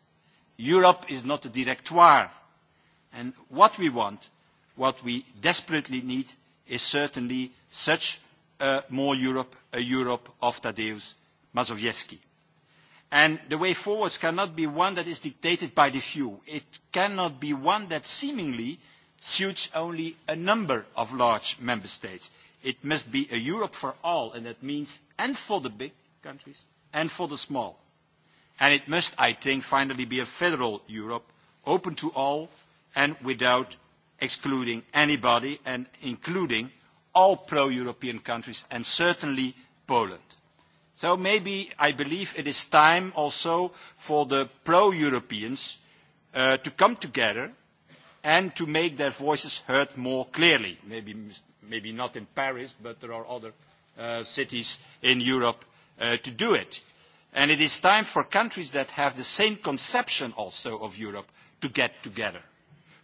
Europe is not a directoire. And what we want, what we desperately need, is certainly such a more Europe, a Europe of Tadeusz Mazowiecki. And the way forwards cannot be one that is dictated by the few. It cannot be one that seemingly suits only a number of large member states. It must be a Europe for all, and that means and for the big countries and for the small. And it must, I think, finally be a federal Europe, open to all and without excluding anybody and including all pro-European countries and certainly Poland. So maybe I believe it is time also for the pro-Europeans uh, to come together and to make their voices heard more clearly. Maybe, maybe not in Paris, but there are other uh, cities in Europe Uh, to do it. And it is time for countries that have the same conception also of Europe to get together,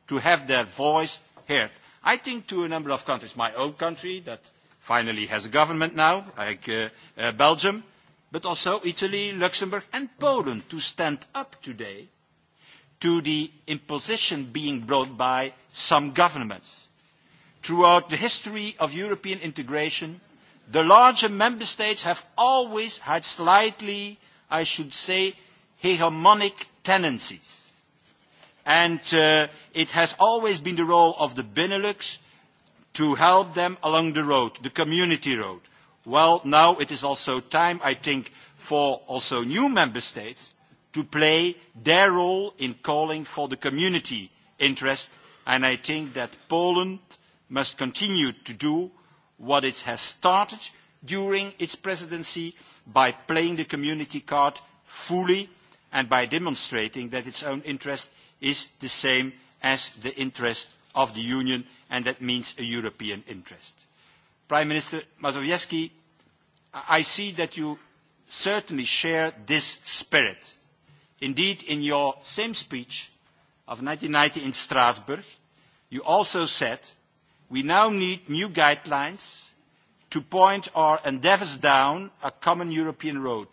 to have their voice heard. I think to a number of countries, my own country that finally has a government now, like uh, uh, Belgium, but also Italy, Luxembourg and Poland to stand up today to the imposition being brought by some governments. Throughout the history of European integration, The larger member states have always had slightly, I should say, hegemonic tendencies. And uh, it has always been the role of the Benelux to help them along the road, the community road. Well, now it is also time, I think, for also new member states to play their role in calling for the community interest. And I think that Poland must continue to do what it has started during its presidency by playing the community card fully and by demonstrating that its own interest is the same as the interest of the Union, and that means a European interest. Prime Minister Mazowiecki, I see that you certainly share this spirit. Indeed, in your same speech of 1990 in Strasbourg, you also said we now need new guidelines to point our endeavours down a common European road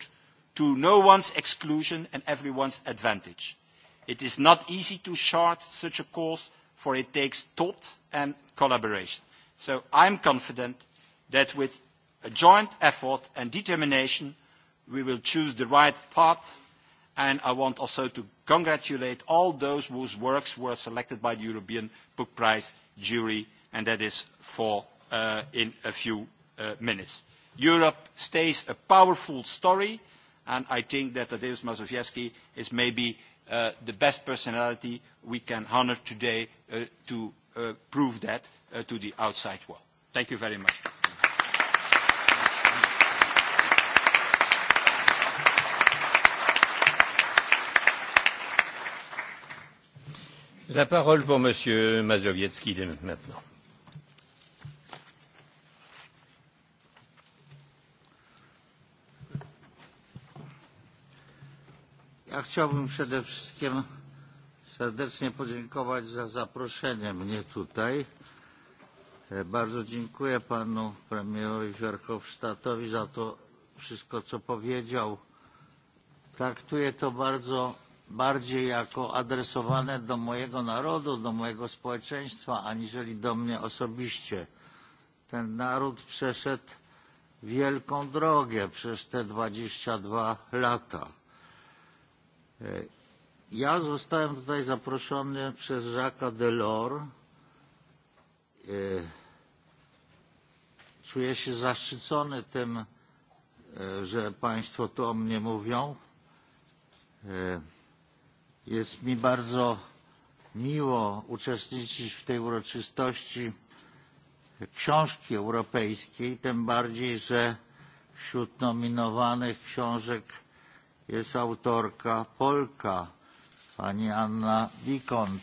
to no one's exclusion and everyone's advantage. It is not easy to chart such a course, for it takes thought and collaboration. So I am confident that with a joint effort and determination, we will choose the right path, and I want also to congratulate all those whose works were selected by the European Book Prize jury and that is for uh, in a few uh, minutes. Europe stays a powerful story, and I think that Tadeusz Mazowiecki is maybe uh, the best personality we can honor today uh, to uh, prove that uh, to the outside world. Thank you very much. La parole pour Monsieur Mazowiecki maintenant. a chciałbym przede wszystkim serdecznie podziękować za zaproszenie mnie tutaj. E, bardzo dziękuję panu premierowi Verhofstadtowi za to wszystko, co powiedział. Traktuję to bardzo bardziej jako adresowane do mojego narodu, do mojego społeczeństwa, aniżeli do mnie osobiście. Ten naród przeszedł wielką drogę przez te 22 lata Ja zostałem tutaj zaproszony przez Jacques'a Delors. E, czuję się zaszczycony tym, e, że Państwo tu o mnie mówią. E, jest mi bardzo miło uczestniczyć w tej uroczystości książki europejskiej, tym bardziej, że wśród nominowanych książek jest autorka Polka, pani Anna Wikont,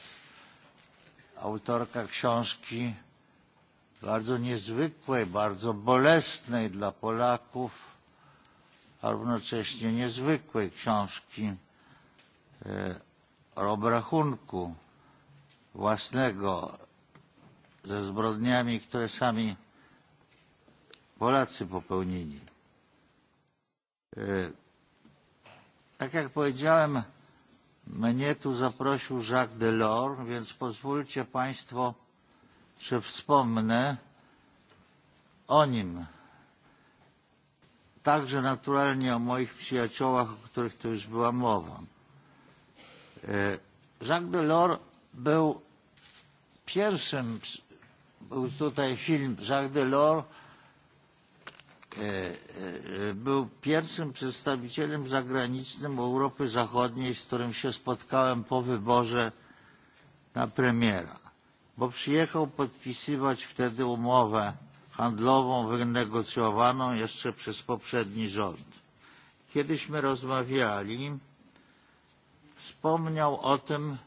autorka książki bardzo niezwykłej, bardzo bolesnej dla Polaków, a równocześnie niezwykłej książki e, o obrachunku własnego ze zbrodniami, które sami Polacy popełnili. E, tak jak powiedziałem, mnie tu zaprosił Jacques Delors, więc pozwólcie Państwo, że wspomnę o nim. Także naturalnie o moich przyjaciołach, o których tu już była mowa. E, Jacques Delors był pierwszym, był tutaj film Jacques Delors, E, e, był pierwszym przedstawicielem zagranicznym Europy Zachodniej, z którym się spotkałem po wyborze na premiera, bo przyjechał podpisywać wtedy umowę handlową wynegocjowaną jeszcze przez poprzedni rząd. Kiedyśmy rozmawiali, wspomniał o tym,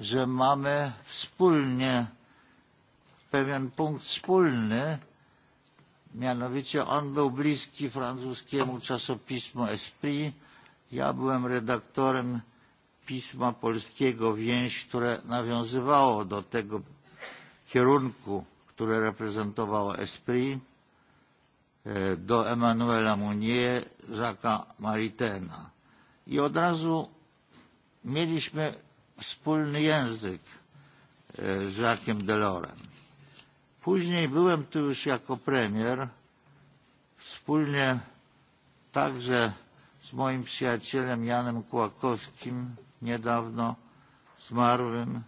że mamy wspólnie pewien punkt wspólny, Mianowicie on był bliski francuskiemu czasopismu Esprit. Ja byłem redaktorem pisma polskiego Więź, które nawiązywało do tego kierunku, które reprezentowało Esprit, e, do Emmanuela Mounier, Jacques'a Maritena. I od razu mieliśmy wspólny język e, z Jacques'em Delorem Później byłem tu już jako premier, wspólnie także z moim przyjacielem Janem Kłakowskim, niedawno zmarłym,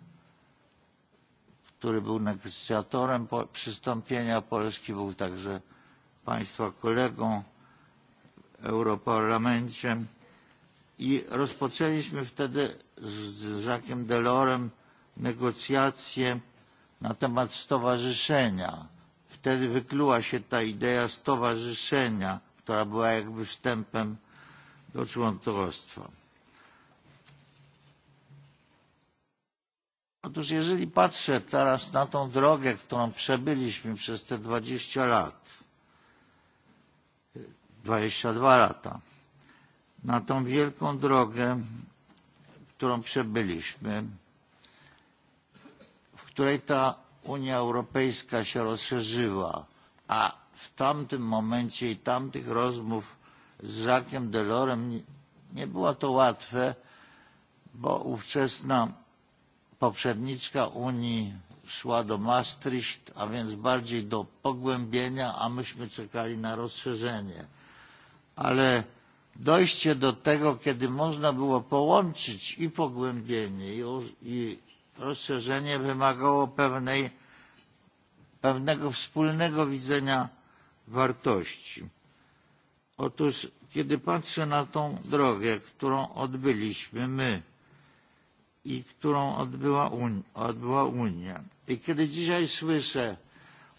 który był negocjatorem przystąpienia Polski, był także Państwa kolegą w Europarlamencie. I rozpoczęliśmy wtedy z, z Jacques'em Delorem negocjacje na temat stowarzyszenia. Wtedy wykluła się ta idea stowarzyszenia, która była jakby wstępem do członkostwa. Otóż jeżeli patrzę teraz na tą drogę, którą przebyliśmy przez te 20 lat, 22 lata, na tą wielką drogę, którą przebyliśmy, której ta Unia Europejska się rozszerzyła, a w tamtym momencie i tamtych rozmów z Jacques'em Delorem nie, nie było to łatwe, bo ówczesna poprzedniczka Unii szła do Maastricht, a więc bardziej do pogłębienia, a myśmy czekali na rozszerzenie. Ale dojście do tego, kiedy można było połączyć i pogłębienie, i, i rozszerzenie wymagało pewnej, pewnego wspólnego widzenia wartości. Otóż, kiedy patrzę na tą drogę, którą odbyliśmy my i którą odbyła, Unia, odbyła Unia, i kiedy dzisiaj słyszę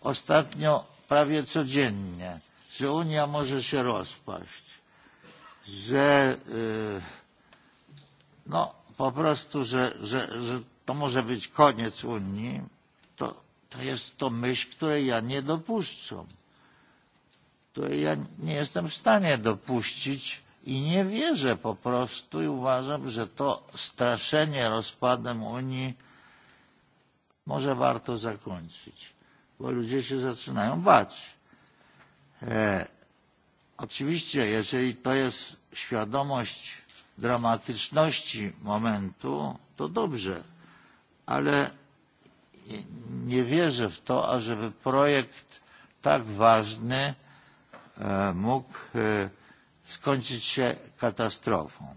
ostatnio prawie codziennie, że Unia może się rozpaść, że yy, no po prostu, że, że, że to może być koniec Unii, to, to jest to myśl, której ja nie dopuszczam, której ja nie jestem w stanie dopuścić i nie wierzę po prostu i uważam, że to straszenie rozpadem Unii może warto zakończyć, bo ludzie się zaczynają bać. E, oczywiście, jeżeli to jest świadomość dramatyczności momentu, to dobrze ale nie wierzę w to, ażeby projekt tak ważny e, mógł e, skończyć się katastrofą.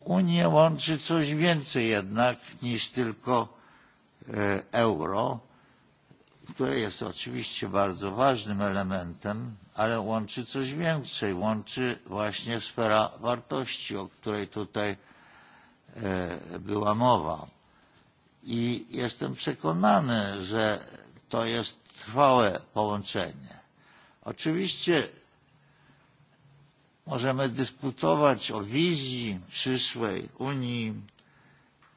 Unię łączy coś więcej jednak niż tylko e, euro, które jest oczywiście bardzo ważnym elementem, ale łączy coś więcej. Łączy właśnie sfera wartości, o której tutaj E, była mowa. I jestem przekonany, że to jest trwałe połączenie. Oczywiście możemy dyskutować o wizji przyszłej Unii.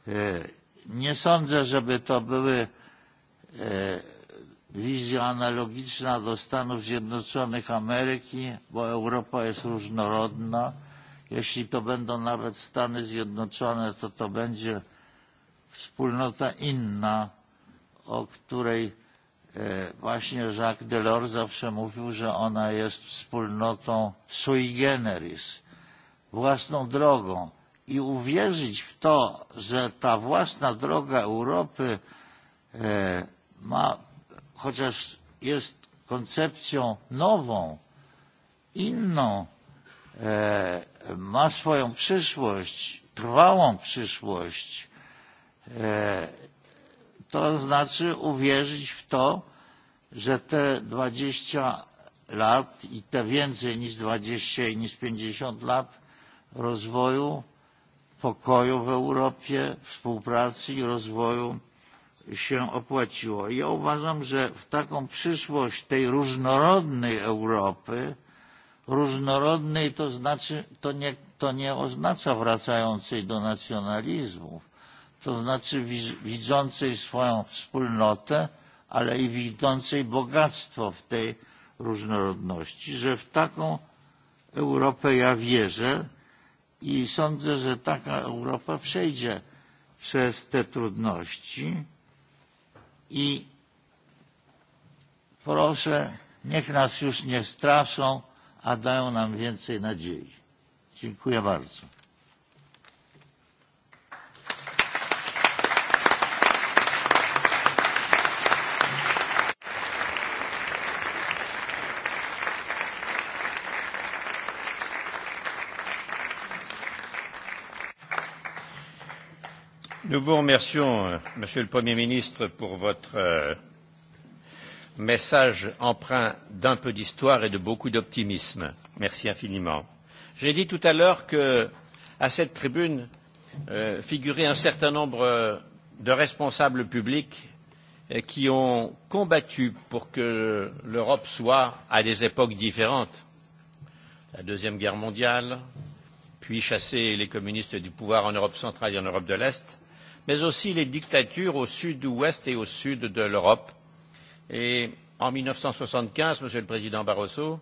E, nie sądzę, żeby to były e, wizja analogiczna do Stanów Zjednoczonych Ameryki, bo Europa jest różnorodna Jeśli to będą nawet Stany Zjednoczone, to to będzie wspólnota inna, o której e, właśnie Jacques Delors zawsze mówił, że ona jest wspólnotą sui generis, własną drogą. I uwierzyć w to, że ta własna droga Europy e, ma, chociaż jest koncepcją nową, inną, e, ma swoją przyszłość, trwałą przyszłość, to znaczy uwierzyć w to, że te 20 lat i te więcej niż 20 i niż 50 lat rozwoju, pokoju w Europie, współpracy i rozwoju się opłaciło. Ja uważam, że w taką przyszłość tej różnorodnej Europy, różnorodnej, to znaczy, to nie, to nie oznacza wracającej do nacjonalizmów, to znaczy widzącej swoją wspólnotę, ale i widzącej bogactwo w tej różnorodności, że w taką Europę ja wierzę i sądzę, że taka Europa przejdzie przez te trudności i proszę, niech nas już nie straszą a dają nam więcej nadziei. Dziękuję bardzo. Nous vous remercions, euh, Monsieur le Premier ministre, pour votre euh, message empreint d'un peu d'histoire et de beaucoup d'optimisme. Merci infiniment. J'ai dit tout à l'heure que, à cette tribune, euh, figuraient un certain nombre de responsables publics euh, qui ont combattu pour que l'Europe soit, à des époques différentes, la Deuxième Guerre mondiale, puis chasser les communistes du pouvoir en Europe centrale et en Europe de l'Est, mais aussi les dictatures au sud-ouest et au sud de l'Europe, Et en mille neuf cent soixante quinze Monsieur le Président Barroso,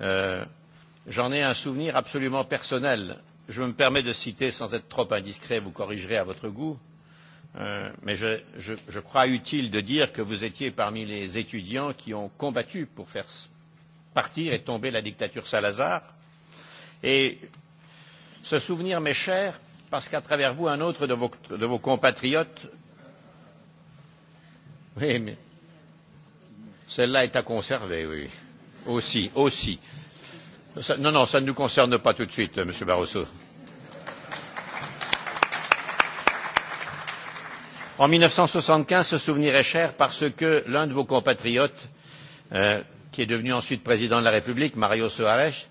euh, j'en ai un souvenir absolument personnel. Je me permets de citer, sans être trop indiscret, vous corrigerez à votre goût, euh, mais je, je, je crois utile de dire que vous étiez parmi les étudiants qui ont combattu pour faire partir et tomber la dictature Salazar. Et ce souvenir m'est cher parce qu'à travers vous, un autre de vos, de vos compatriotes, oui, mais Celle-là est à conserver, oui. Aussi, aussi. Ça, non, non, ça ne nous concerne pas tout de suite, euh, Monsieur Barroso. En 1975, ce souvenir est cher parce que l'un de vos compatriotes, euh, qui est devenu ensuite président de la République, Mario Soares,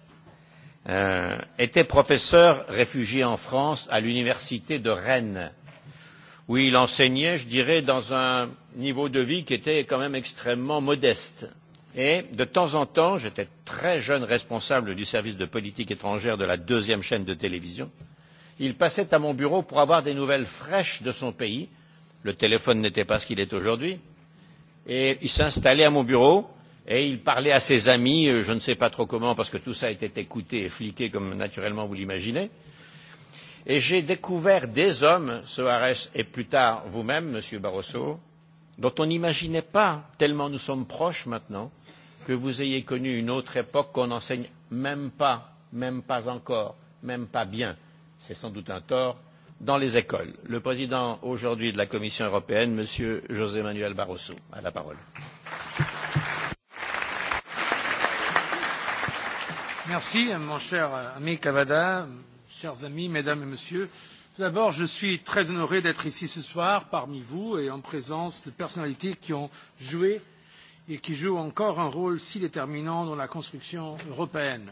euh, était professeur réfugié en France à l'université de Rennes, où il enseignait, je dirais, dans un niveau de vie qui était quand même extrêmement modeste. Et de temps en temps, j'étais très jeune responsable du service de politique étrangère de la deuxième chaîne de télévision, il passait à mon bureau pour avoir des nouvelles fraîches de son pays. Le téléphone n'était pas ce qu'il est aujourd'hui. Et il s'installait à mon bureau et il parlait à ses amis, euh, je ne sais pas trop comment, parce que tout ça était écouté et fliqué comme naturellement vous l'imaginez. Et j'ai découvert des hommes, Soares et plus tard vous-même, Monsieur Barroso, dont on n'imaginait pas, tellement nous sommes proches maintenant, que vous ayez connu une autre époque qu'on n'enseigne même pas, même pas encore, même pas bien, c'est sans doute un tort, dans les écoles. Le président aujourd'hui de la Commission européenne, M. José Manuel Barroso, a la parole. Merci, mon cher ami Cavada, chers amis, mesdames et messieurs. Tout d'abord, je suis très honoré d'être ici ce soir parmi vous et en présence de personnalités qui ont joué et qui jouent encore un rôle si déterminant dans la construction européenne.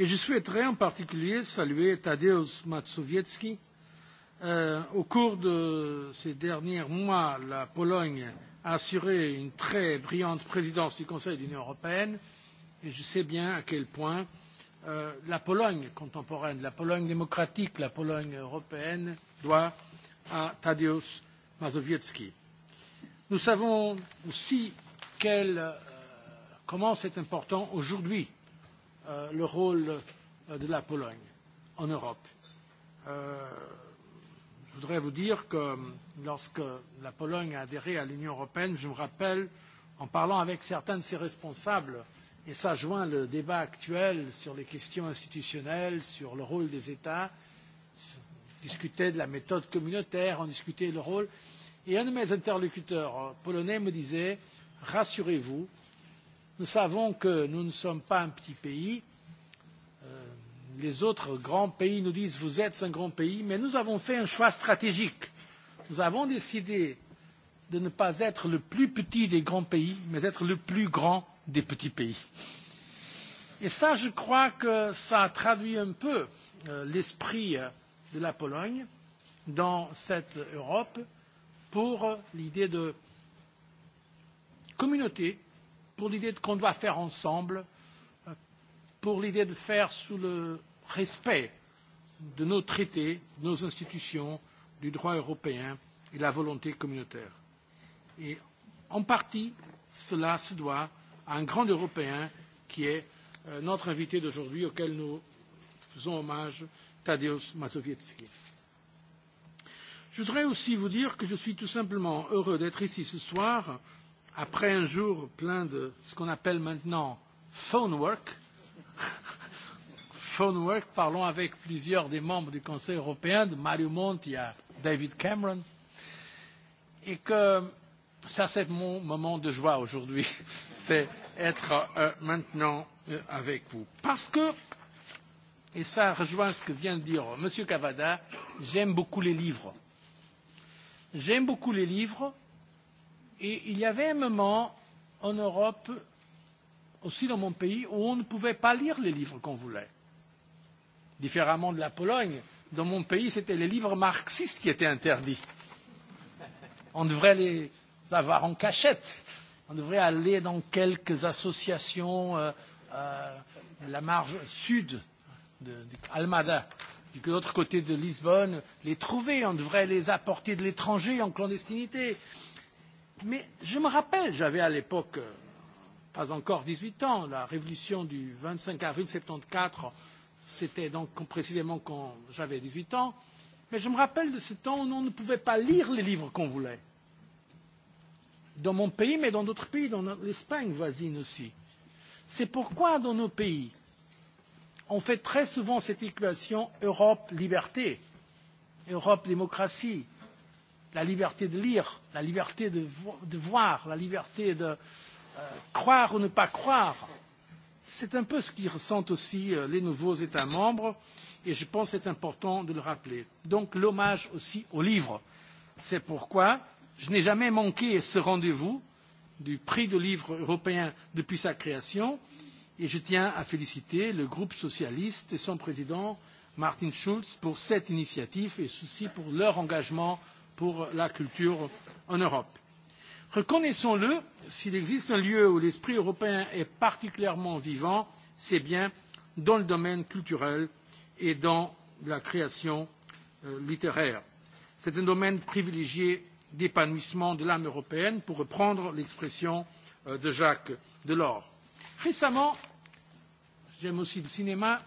Et je souhaiterais en particulier saluer Tadeusz Mazowiecki. Euh, au cours de ces derniers mois, la Pologne a assuré une très brillante présidence du Conseil de l'Union européenne et je sais bien à quel point euh, Euh, la Pologne contemporaine, la Pologne démocratique, la Pologne européenne doit à Tadeusz Mazowiecki. Nous savons aussi quel, euh, comment c'est important aujourd'hui euh, le rôle euh, de la Pologne en Europe. Euh, je voudrais vous dire que lorsque la Pologne a adhéré à l'Union européenne, je me rappelle en parlant avec certains de ses responsables et ça joint le débat actuel sur les questions institutionnelles, sur le rôle des États. On discutait de la méthode communautaire, on discutait le rôle. Et un de mes interlocuteurs euh, polonais me disait Rassurez-vous, nous savons que nous ne sommes pas un petit pays. Euh, les autres grands pays nous disent Vous êtes un grand pays, mais nous avons fait un choix stratégique. Nous avons décidé de ne pas être le plus petit des grands pays, mais être le plus grand des petits pays. Et ça, je crois que ça traduit un peu euh, l'esprit de la Pologne dans cette Europe pour l'idée de communauté, pour l'idée qu'on doit faire ensemble, euh, pour l'idée de faire sous le respect de nos traités, de nos institutions, du droit européen et de la volonté communautaire. Et en partie, cela se doit à un grand Européen qui est euh, notre invité d'aujourd'hui, auquel nous faisons hommage, Tadeusz Mazowiecki. Je voudrais aussi vous dire que je suis tout simplement heureux d'être ici ce soir, après un jour plein de ce qu'on appelle maintenant phone work. phone work, parlons avec plusieurs des membres du Conseil européen, de Mario Monti à David Cameron, et que ça c'est mon moment de joie aujourd'hui, c'est être euh, maintenant euh, avec vous. Parce que, et ça rejoint ce que vient de dire M. Cavada, j'aime beaucoup les livres. J'aime beaucoup les livres et il y avait un moment en Europe, aussi dans mon pays, où on ne pouvait pas lire les livres qu'on voulait. Différemment de la Pologne, dans mon pays, c'était les livres marxistes qui étaient interdits. On devrait les avoir en cachette. On devrait aller dans quelques associations, euh, euh, la marge sud de, de Almada, du l'autre côté de Lisbonne, les trouver. On devrait les apporter de l'étranger en clandestinité. Mais je me rappelle, j'avais à l'époque euh, pas encore 18 ans, la révolution du 25 avril 74, c'était donc précisément quand j'avais 18 ans. Mais je me rappelle de ce temps où on ne pouvait pas lire les livres qu'on voulait dans mon pays, mais dans d'autres pays, dans l'Espagne voisine aussi. C'est pourquoi dans nos pays, on fait très souvent cette équation Europe liberté, Europe démocratie, la liberté de lire, la liberté de, vo de voir, la liberté de euh, croire ou ne pas croire. C'est un peu ce qu'ils ressentent aussi euh, les nouveaux États membres et je pense que c'est important de le rappeler. Donc l'hommage aussi au livre. C'est pourquoi je n'ai jamais manqué ce rendez-vous du prix du livre européen depuis sa création et je tiens à féliciter le groupe socialiste et son président Martin Schulz pour cette initiative et ceci pour leur engagement pour la culture en Europe. Reconnaissons-le, s'il existe un lieu où l'esprit européen est particulièrement vivant, c'est bien dans le domaine culturel et dans la création euh, littéraire. C'est un domaine privilégié d'épanouissement de l'âme européenne, pour reprendre l'expression euh, de Jacques Delors. Récemment, j'aime aussi le cinéma,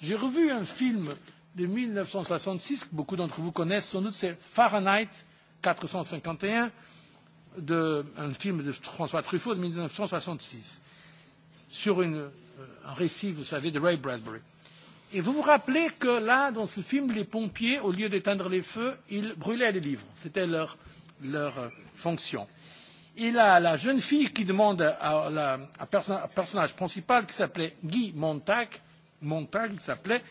j'ai revu un film de 1966 que beaucoup d'entre vous connaissent sans doute, c'est Fahrenheit 451, de, un film de François Truffaut de 1966, sur une, euh, un récit, vous savez, de Ray Bradbury. Et vous vous rappelez que là, dans ce film, les pompiers, au lieu d'éteindre les feux, ils brûlaient les livres. C'était leur leur fonction. Et là, la jeune fille qui demande à la à perso à personnage principal qui s'appelait Guy Montag, Montag s'appelait,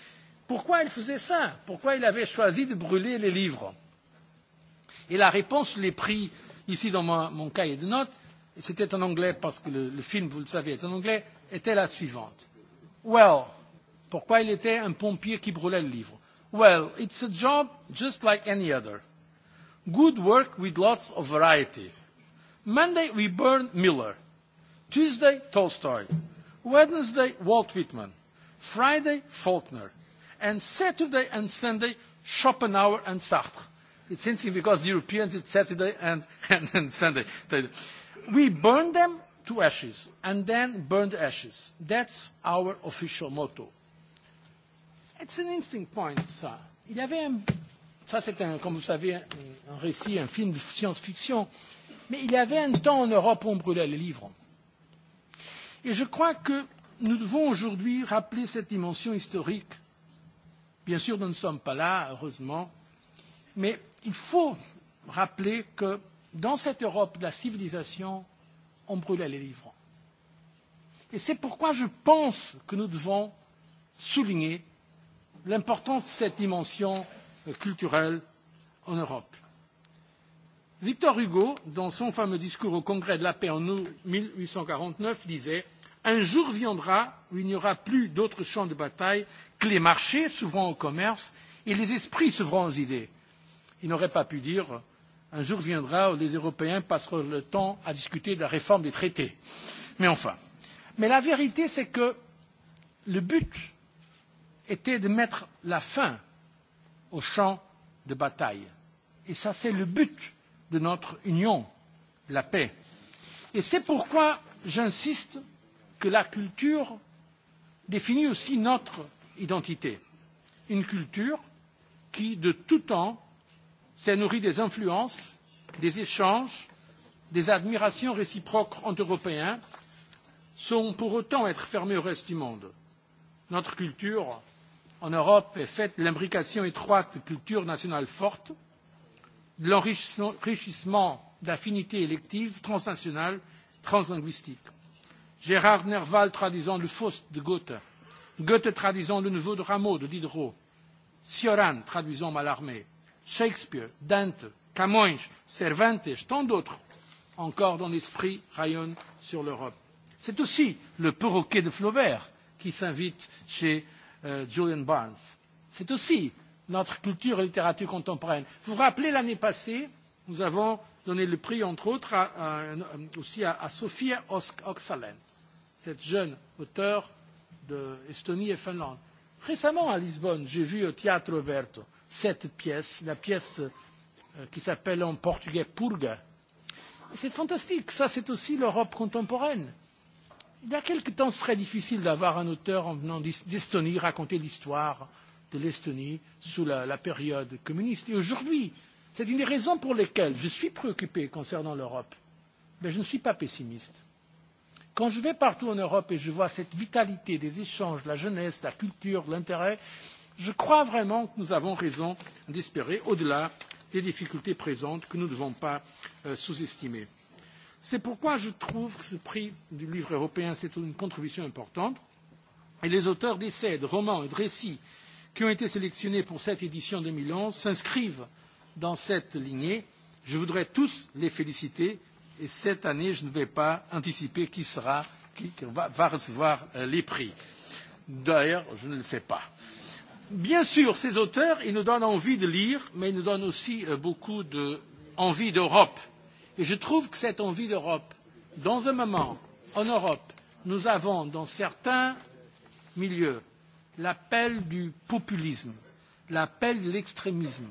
pourquoi il faisait ça Pourquoi il avait choisi de brûler les livres Et la réponse, je l'ai pris ici dans mon, mon cahier de notes, c'était en anglais parce que le, le film, vous le savez, est en anglais, était la suivante. Well, pourquoi il était un pompier qui brûlait le livre Well, it's a job just like any other. Good work with lots of variety. Monday we burn Miller. Tuesday Tolstoy. Wednesday Walt Whitman. Friday Faulkner. And Saturday and Sunday Schopenhauer and Sartre. It's interesting because the Europeans it's Saturday and, and, and Sunday. We burn them to ashes and then burn the ashes. That's our official motto. It's an interesting point, sir. Il y avait un Ça, c'est, un, comme vous savez, un, un récit, un film de science-fiction. Mais il y avait un temps en Europe où on brûlait les livres. Et je crois que nous devons aujourd'hui rappeler cette dimension historique. Bien sûr, nous ne sommes pas là, heureusement, mais il faut rappeler que dans cette Europe de la civilisation, on brûlait les livres. Et c'est pourquoi je pense que nous devons souligner l'importance de cette dimension culturelle en Europe. Victor Hugo, dans son fameux discours au Congrès de la paix en août 1849, disait Un jour viendra où il n'y aura plus d'autres champs de bataille que les marchés s'ouvrant au commerce et les esprits s'ouvrant aux idées. Il n'aurait pas pu dire Un jour viendra où les Européens passeront le temps à discuter de la réforme des traités. Mais enfin. Mais la vérité, c'est que le but était de mettre la fin au champ de bataille. Et ça, c'est le but de notre union, la paix. Et c'est pourquoi j'insiste que la culture définit aussi notre identité. Une culture qui, de tout temps, s'est nourrie des influences, des échanges, des admirations réciproques entre Européens, sans pour autant être fermée au reste du monde. Notre culture en Europe est faite de l'imbrication étroite de cultures nationales fortes, de l'enrichissement d'affinités électives transnationales, translinguistiques. Gérard Nerval traduisant le Faust de Goethe, Goethe traduisant le Nouveau de Rameau de Diderot, Cioran traduisant Mallarmé, Shakespeare, Dante, Camões, Cervantes, tant d'autres encore dont l'esprit rayonne sur l'Europe. C'est aussi le perroquet de Flaubert qui s'invite chez euh, Julian Barnes. C'est aussi notre culture et littérature contemporaine. Vous vous rappelez l'année passée, nous avons donné le prix, entre autres, à, à, euh, aussi à, à Sophia Oxalen, cette jeune auteure d'Estonie de et Finlande. Récemment, à Lisbonne, j'ai vu au Théâtre Roberto cette pièce, la pièce euh, qui s'appelle en portugais Purga. C'est fantastique, ça c'est aussi l'Europe contemporaine. Il y a quelque temps, ce serait difficile d'avoir un auteur en venant d'Estonie raconter l'histoire de l'Estonie sous la, la période communiste. Et aujourd'hui, c'est une des raisons pour lesquelles je suis préoccupé concernant l'Europe. Mais je ne suis pas pessimiste. Quand je vais partout en Europe et je vois cette vitalité des échanges, de la jeunesse, de la culture, de l'intérêt, je crois vraiment que nous avons raison d'espérer au-delà des difficultés présentes que nous ne devons pas euh, sous-estimer. C'est pourquoi je trouve que ce prix du livre européen, c'est une contribution importante. Et les auteurs d'essais, de romans et de récits qui ont été sélectionnés pour cette édition 2011 s'inscrivent dans cette lignée. Je voudrais tous les féliciter et cette année, je ne vais pas anticiper qui sera, qui va, recevoir euh, les prix. D'ailleurs, je ne le sais pas. Bien sûr, ces auteurs, ils nous donnent envie de lire, mais ils nous donnent aussi euh, beaucoup d'envie de, d'Europe Et je trouve que cette envie d'Europe, dans un moment, en Europe, nous avons dans certains milieux l'appel du populisme, l'appel de l'extrémisme,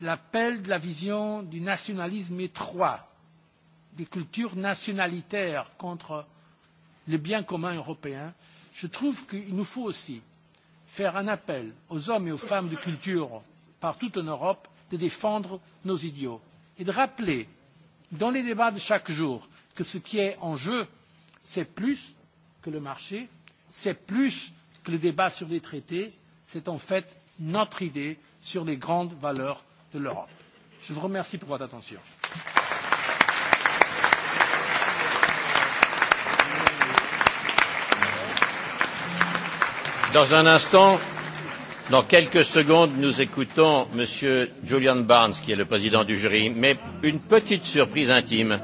l'appel de la vision du nationalisme étroit, des cultures nationalitaires contre le bien commun européen, je trouve qu'il nous faut aussi faire un appel aux hommes et aux femmes de culture partout en Europe de défendre nos idiots et de rappeler dans les débats de chaque jour que ce qui est en jeu, c'est plus que le marché, c'est plus que le débat sur les traités, c'est en fait notre idée sur les grandes valeurs de l'Europe. Je vous remercie pour votre attention. Dans un instant, Dans quelques secondes, nous écoutons M. Julian Barnes, qui est le président du jury, mais une petite surprise intime.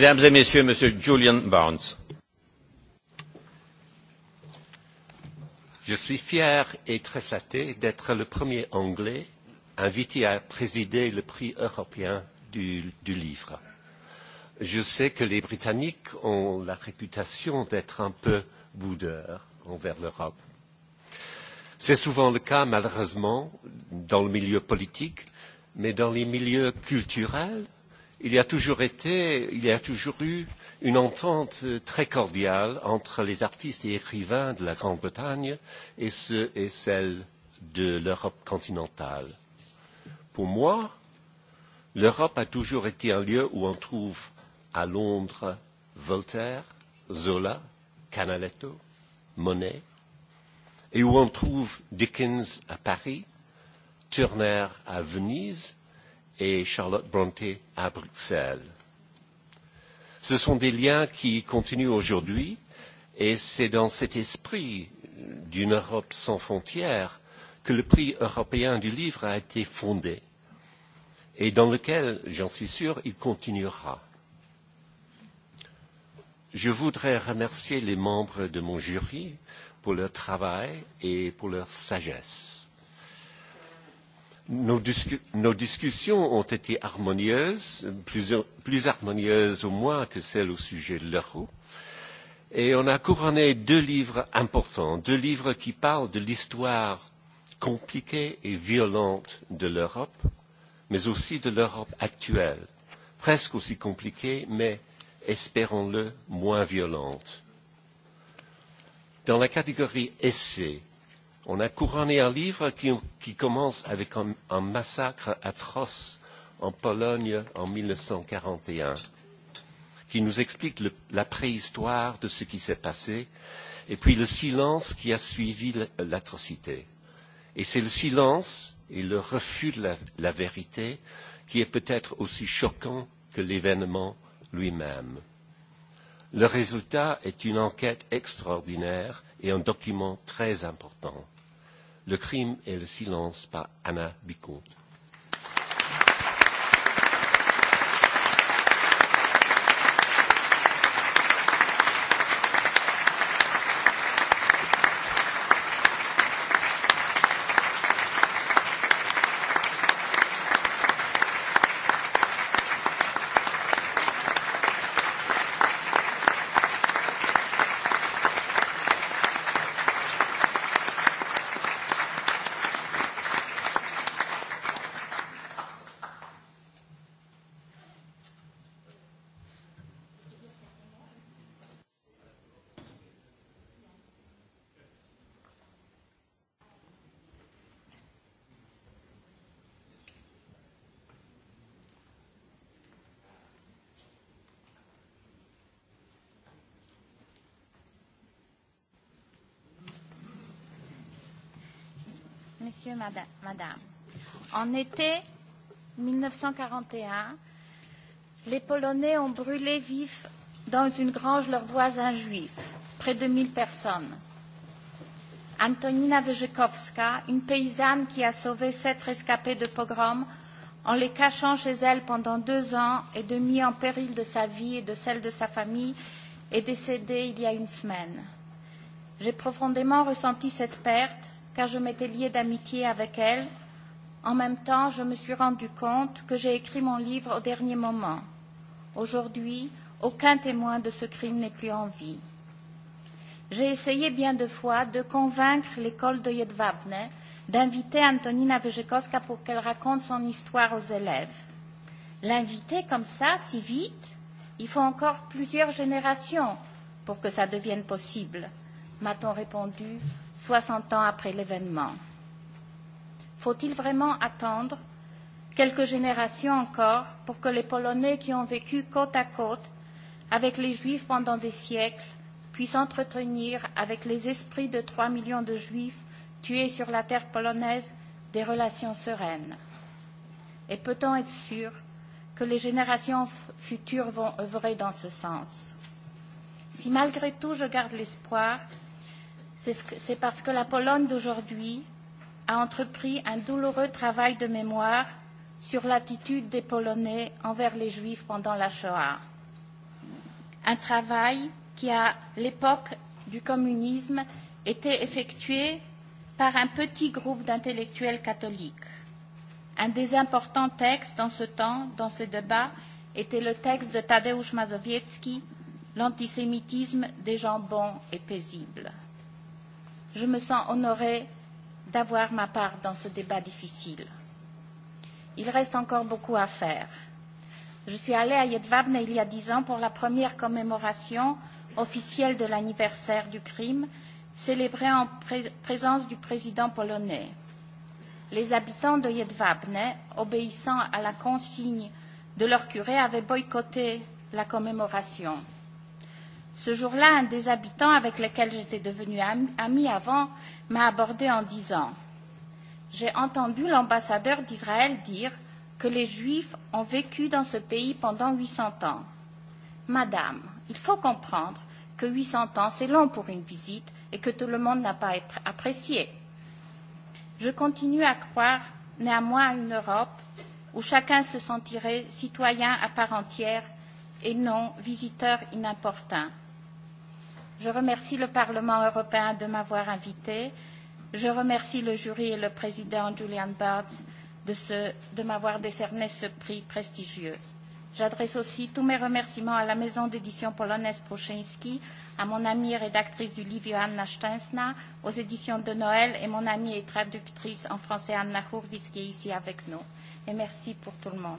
Mesdames et Messieurs, Monsieur Julian Barnes. Je suis fier et très flatté d'être le premier Anglais invité à présider le prix européen du, du livre. Je sais que les Britanniques ont la réputation d'être un peu boudeurs envers l'Europe. C'est souvent le cas, malheureusement, dans le milieu politique, mais dans les milieux culturels, il y a toujours été, il y a toujours eu une entente euh, très cordiale entre les artistes et écrivains de la Grande-Bretagne et, et celle de l'Europe continentale. Pour moi, l'Europe a toujours été un lieu où on trouve à Londres Voltaire, Zola, Canaletto, Monet, et où on trouve Dickens à Paris, Turner à Venise, et Charlotte Bronte à Bruxelles. Ce sont des liens qui continuent aujourd'hui et c'est dans cet esprit d'une Europe sans frontières que le prix européen du livre a été fondé et dans lequel, j'en suis sûr, il continuera. Je voudrais remercier les membres de mon jury pour leur travail et pour leur sagesse. Nos, discu nos discussions ont été harmonieuses, plus, plus harmonieuses au moins que celles au sujet de l'euro. Et on a couronné deux livres importants, deux livres qui parlent de l'histoire compliquée et violente de l'Europe, mais aussi de l'Europe actuelle, presque aussi compliquée, mais espérons-le, moins violente. Dans la catégorie essai, On a couronné un livre qui, qui commence avec un, un massacre atroce en Pologne en 1941, qui nous explique le, la préhistoire de ce qui s'est passé, et puis le silence qui a suivi l'atrocité. Et c'est le silence et le refus de la, la vérité qui est peut-être aussi choquant que l'événement lui-même. Le résultat est une enquête extraordinaire et un document très important, Le crime et le silence par Anna Vicomte. En été 1941, les Polonais ont brûlé vifs dans une grange leurs voisins juifs, près de 1000 personnes. Antonina Wyrzykowska, une paysanne qui a sauvé sept rescapés de pogrom en les cachant chez elle pendant deux ans et demi en péril de sa vie et de celle de sa famille, est décédée il y a une semaine. J'ai profondément ressenti cette perte car je m'étais liée d'amitié avec elle En même temps, je me suis rendu compte que j'ai écrit mon livre au dernier moment. Aujourd'hui, aucun témoin de ce crime n'est plus en vie. J'ai essayé bien de fois de convaincre l'école de Jedwabne d'inviter Antonina Wyrzykowska pour qu'elle raconte son histoire aux élèves. L'inviter comme ça, si vite, il faut encore plusieurs générations pour que ça devienne possible, m'a-t-on répondu, 60 ans après l'événement. Faut-il vraiment attendre quelques générations encore pour que les Polonais qui ont vécu côte à côte avec les Juifs pendant des siècles puissent entretenir avec les esprits de trois millions de Juifs tués sur la terre polonaise des relations sereines Et peut-on être sûr que les générations futures vont œuvrer dans ce sens Si malgré tout je garde l'espoir, c'est parce que la Pologne d'aujourd'hui a entrepris un douloureux travail de mémoire sur l'attitude des Polonais envers les Juifs pendant la Shoah. Un travail qui, à l'époque du communisme, était effectué par un petit groupe d'intellectuels catholiques. Un des importants textes dans ce temps, dans ce débat, était le texte de Tadeusz Mazowiecki, L'antisémitisme des gens bons et paisibles. Je me sens honorée d'avoir ma part dans ce débat difficile. Il reste encore beaucoup à faire. Je suis allée à Yedvabne il y a dix ans pour la première commémoration officielle de l'anniversaire du crime, célébrée en pré présence du président polonais. Les habitants de Yedvabne, obéissant à la consigne de leur curé, avaient boycotté la commémoration. Ce jour-là, un des habitants avec lequel j'étais devenue amie avant m'a abordé en disant J'ai entendu l'ambassadeur d'Israël dire que les Juifs ont vécu dans ce pays pendant 800 ans. Madame, il faut comprendre que 800 ans, c'est long pour une visite et que tout le monde n'a pas être apprécié. Je continue à croire néanmoins à une Europe où chacun se sentirait citoyen à part entière et non visiteur inimportun. Je remercie le Parlement européen de m'avoir invité. Je remercie le jury et le président Julian Barnes de, de m'avoir décerné ce prix prestigieux. J'adresse aussi tous mes remerciements à la maison d'édition polonaise Procheński, à mon amie rédactrice du livre Joanna Stensna, aux éditions de Noël et mon amie et traductrice en français Anna Hurwitz qui est ici avec nous. Et merci pour tout le monde.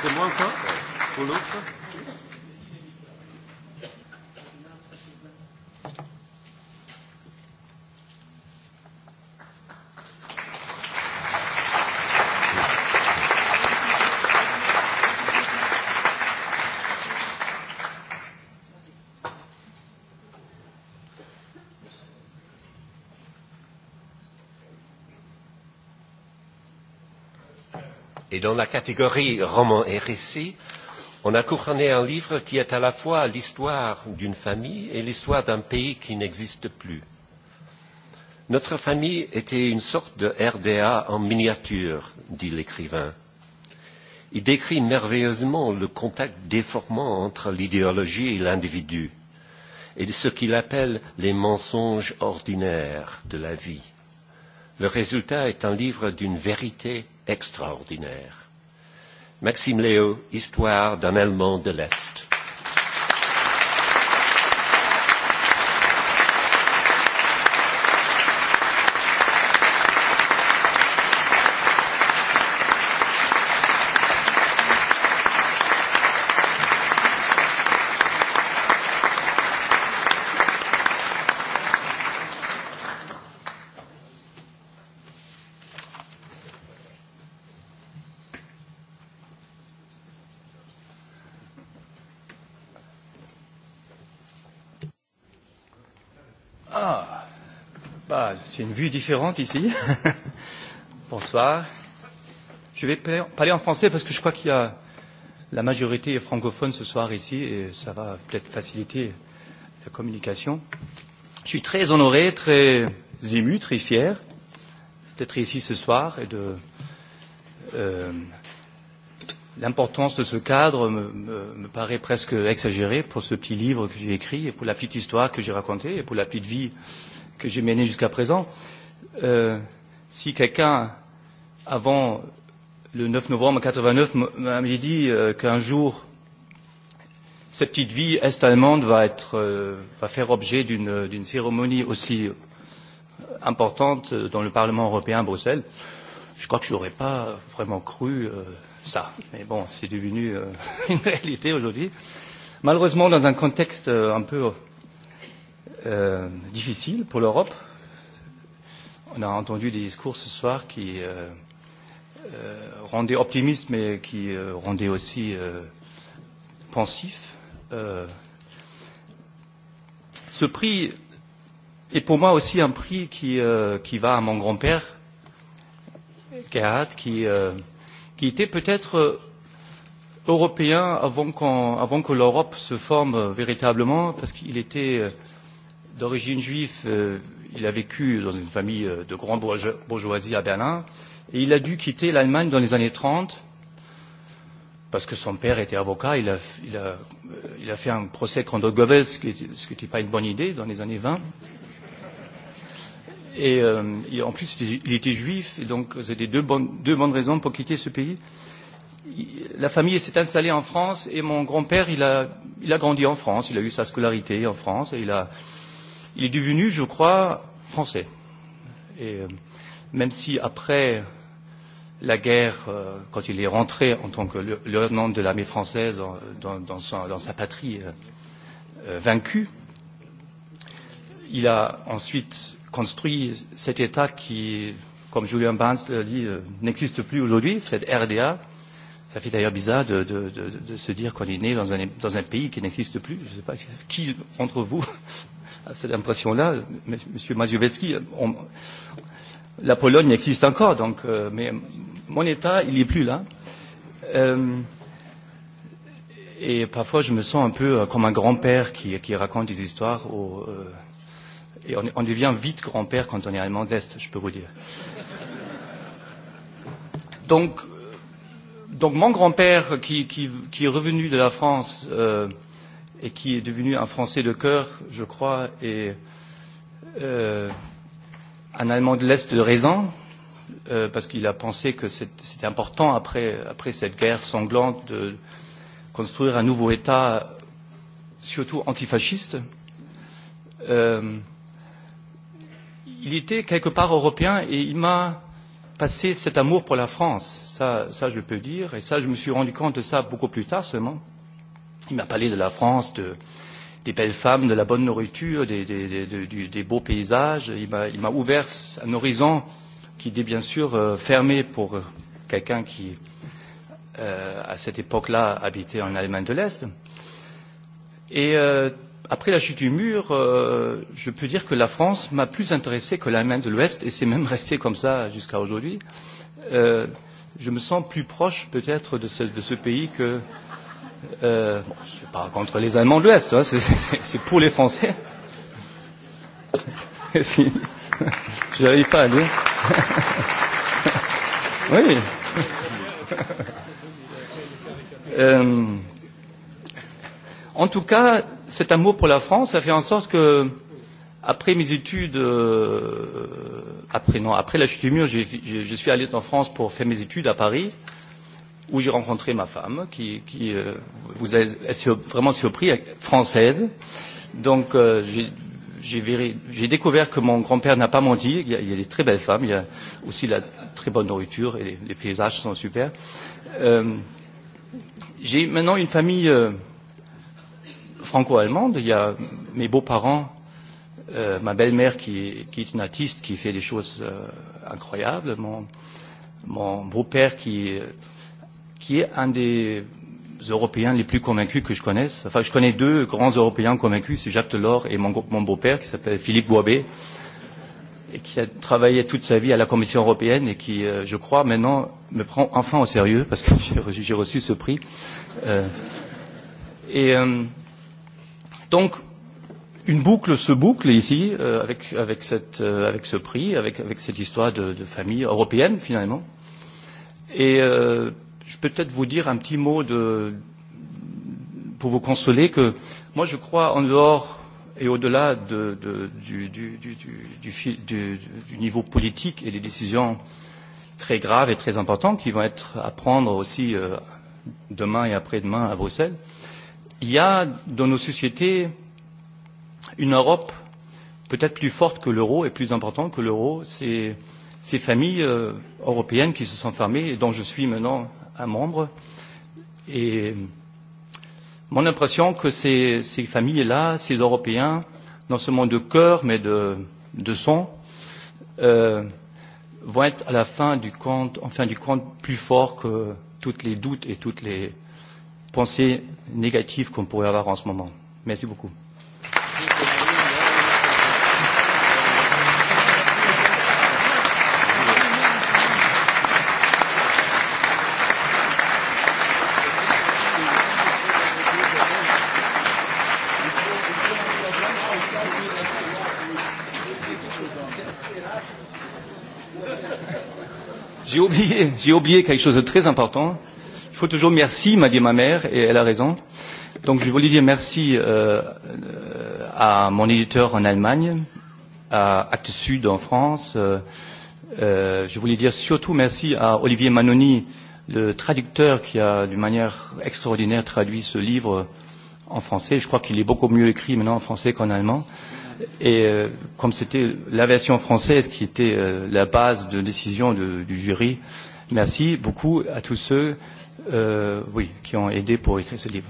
C'est moi encore Pour l'autre Et dans la catégorie roman et récit, on a couronné un livre qui est à la fois l'histoire d'une famille et l'histoire d'un pays qui n'existe plus. Notre famille était une sorte de RDA en miniature, dit l'écrivain. Il décrit merveilleusement le contact déformant entre l'idéologie et l'individu, et de ce qu'il appelle les mensonges ordinaires de la vie. Le résultat est un livre d'une vérité extraordinaire. Maxime Léo, Histoire d'un Allemand de l'Est. C'est une vue différente ici. Bonsoir. Je vais parler en français parce que je crois qu'il y a la majorité francophone ce soir ici et ça va peut-être faciliter la communication. Je suis très honoré, très ému, très fier d'être ici ce soir et de euh, l'importance de ce cadre me, me, me paraît presque exagérée pour ce petit livre que j'ai écrit et pour la petite histoire que j'ai racontée et pour la petite vie euh, que j'ai mené jusqu'à présent, euh, si quelqu'un, avant le 9 novembre 89, m'avait dit euh, qu'un jour, cette petite vie est-allemande va, euh, va faire objet d'une cérémonie aussi importante dans le Parlement européen à Bruxelles, je crois que je n'aurais pas vraiment cru euh, ça. Mais bon, c'est devenu euh, une réalité aujourd'hui. Malheureusement, dans un contexte euh, un peu euh, difficile pour l'Europe. On a entendu des discours ce soir qui euh, euh, rendaient optimistes, mais qui euh, rendaient aussi euh, pensifs. Euh, ce prix est pour moi aussi un prix qui, euh, qui va à mon grand-père, Gerhard, qui, euh, qui était peut-être européen avant, qu avant que l'Europe se forme véritablement, parce qu'il était. Euh, d'origine juive, euh, il a vécu dans une famille euh, de grande bourgeoisie à Berlin et il a dû quitter l'Allemagne dans les années 30 parce que son père était avocat. Il a, il a, euh, il a fait un procès contre Goebbels, ce qui n'était pas une bonne idée dans les années 20. Et, euh, et en plus, il était juif, et donc c'était deux bonnes, deux bonnes raisons pour quitter ce pays. La famille s'est installée en France, et mon grand-père, il a, il a grandi en France, il a eu sa scolarité en France, et il a, euh, Il est devenu, je crois, français. Et euh, même si après la guerre, euh, quand il est rentré en tant que lieutenant de l'armée française dans, dans, son, dans sa patrie euh, vaincue, il a ensuite construit cet État qui, comme Julian Barnes l'a dit, n'existe plus aujourd'hui, cette RDA. Ça fait d'ailleurs bizarre de, de, de, de se dire qu'on est né dans un, dans un pays qui n'existe plus. Je ne sais pas qui, entre vous, à cette impression-là. Monsieur Mazowiecki, on, la Pologne existe encore, donc, euh, mais mon État, il n'est plus là. Euh, et parfois, je me sens un peu euh, comme un grand-père qui, qui raconte des histoires. Au, euh, et on, on devient vite grand-père quand on est allemand de l'Est, je peux vous dire. Donc, donc mon grand-père qui, qui, qui est revenu de la France euh, et qui est devenu un Français de cœur, je crois, et euh, un Allemand de l'Est de raison, euh, parce qu'il a pensé que c'était important, après, après cette guerre sanglante, de construire un nouveau État, surtout antifasciste. Euh, il était quelque part européen et il m'a passé cet amour pour la France. Ça, ça je peux dire, et ça, je me suis rendu compte de ça beaucoup plus tard seulement. Euh, Il m'a parlé de la France, de, des belles femmes, de la bonne nourriture, des, des, des, des, des beaux paysages. Il m'a ouvert un horizon qui était bien sûr euh, fermé pour euh, quelqu'un qui, euh, à cette époque-là, habitait en Allemagne de l'Est. Et euh, après la chute du mur, euh, je peux dire que la France m'a plus intéressé que l'Allemagne de l'Ouest, et c'est même resté comme ça jusqu'à aujourd'hui. Euh, je me sens plus proche peut-être de de ce pays que euh, euh, bon, je suis pas contre les Allemands de l'Ouest, hein, c'est pour les Français. si, je n'arrive pas à dire. oui. euh, en tout cas, cet amour pour la France a fait en sorte que, après mes études, euh, après non, après la chute du mur, je suis allé en France pour faire mes études à Paris. Euh, où j'ai rencontré ma femme, qui, qui euh, vous a est vraiment surpris, française. Donc euh, j'ai découvert que mon grand-père n'a pas menti. Il y, a, il y a des très belles femmes, il y a aussi la très bonne nourriture et les, les paysages sont super. Euh, j'ai maintenant une famille euh, franco-allemande. Il y a mes beaux-parents, euh, ma belle-mère qui, qui est une artiste qui fait des choses euh, incroyables, mon, mon beau-père qui... Euh, qui est un des Européens les plus convaincus que je connaisse. Enfin, je connais deux grands Européens convaincus, c'est Jacques Delors et mon, mon beau-père qui s'appelle Philippe Boabé, et qui a travaillé toute sa vie à la Commission européenne et qui, euh, je crois, maintenant me prend enfin au sérieux parce que j'ai reçu, reçu ce prix. Euh, et euh, donc, une boucle se boucle ici euh, avec, avec, cette, euh, avec ce prix, avec, avec cette histoire de, de famille européenne finalement. Et euh, je peux peut-être vous dire un petit mot de, pour vous consoler que moi je crois en dehors et au-delà de, de, du, du, du, du, du, du du, du niveau politique et des décisions très graves et très importantes qui vont être à prendre aussi euh, demain et après-demain à Bruxelles, il y a dans nos sociétés une Europe peut-être plus forte que l'euro et plus importante que l'euro. C'est ces familles euh, européennes qui se sont fermées et dont je suis maintenant un membre. Et euh, mon impression que ces, ces familles-là, ces Européens, non seulement de cœur, mais de, de sang, euh, vont être à la fin du compte, en fin du compte, plus forts que tous les doutes et toutes les pensées négatives qu'on pourrait avoir en ce moment. Merci beaucoup. J'ai oublié, j'ai oublié quelque chose de très important. Il faut toujours merci, m'a dit ma mère, et elle a raison. Donc je voulais dire merci euh, à mon éditeur en Allemagne, à Actes Sud en France. Euh, euh, je voulais dire surtout merci à Olivier Manoni, le traducteur qui a d'une manière extraordinaire traduit ce livre euh, en français. Je crois qu'il est beaucoup mieux écrit maintenant en français qu'en allemand. Et euh, comme c'était la version française qui était euh, la base de décision de, du jury, merci beaucoup à tous ceux euh, oui, qui ont aidé pour écrire ce livre.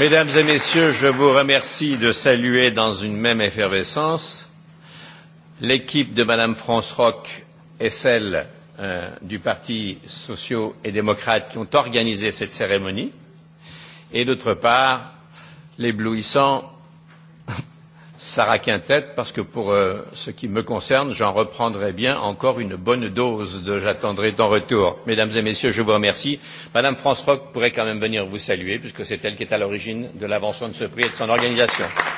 Mesdames et messieurs, je vous remercie de saluer dans une même effervescence l'équipe de Madame France Rock et celle euh, du Parti sociaux et démocrate qui ont organisé cette cérémonie, et d'autre part, l'éblouissant Sarah Quintet, parce que pour euh, ce qui me concerne, j'en reprendrai bien encore une bonne dose de j'attendrai ton retour. Mesdames et messieurs, je vous remercie. Madame France Rock pourrait quand même venir vous saluer, puisque c'est elle qui est à l'origine de l'invention de ce prix et de son organisation. Applaudissements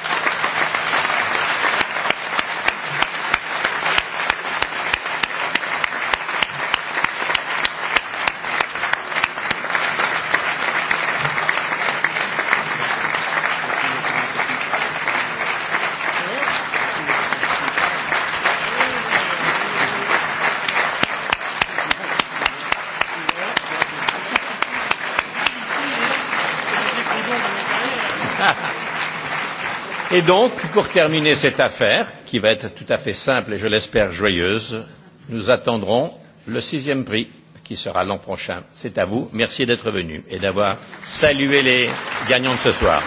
Et donc, pour terminer cette affaire, qui va être tout à fait simple et je l'espère joyeuse, nous attendrons le sixième prix, qui sera l'an prochain. C'est à vous. Merci d'être venu et d'avoir salué les gagnants de ce soir.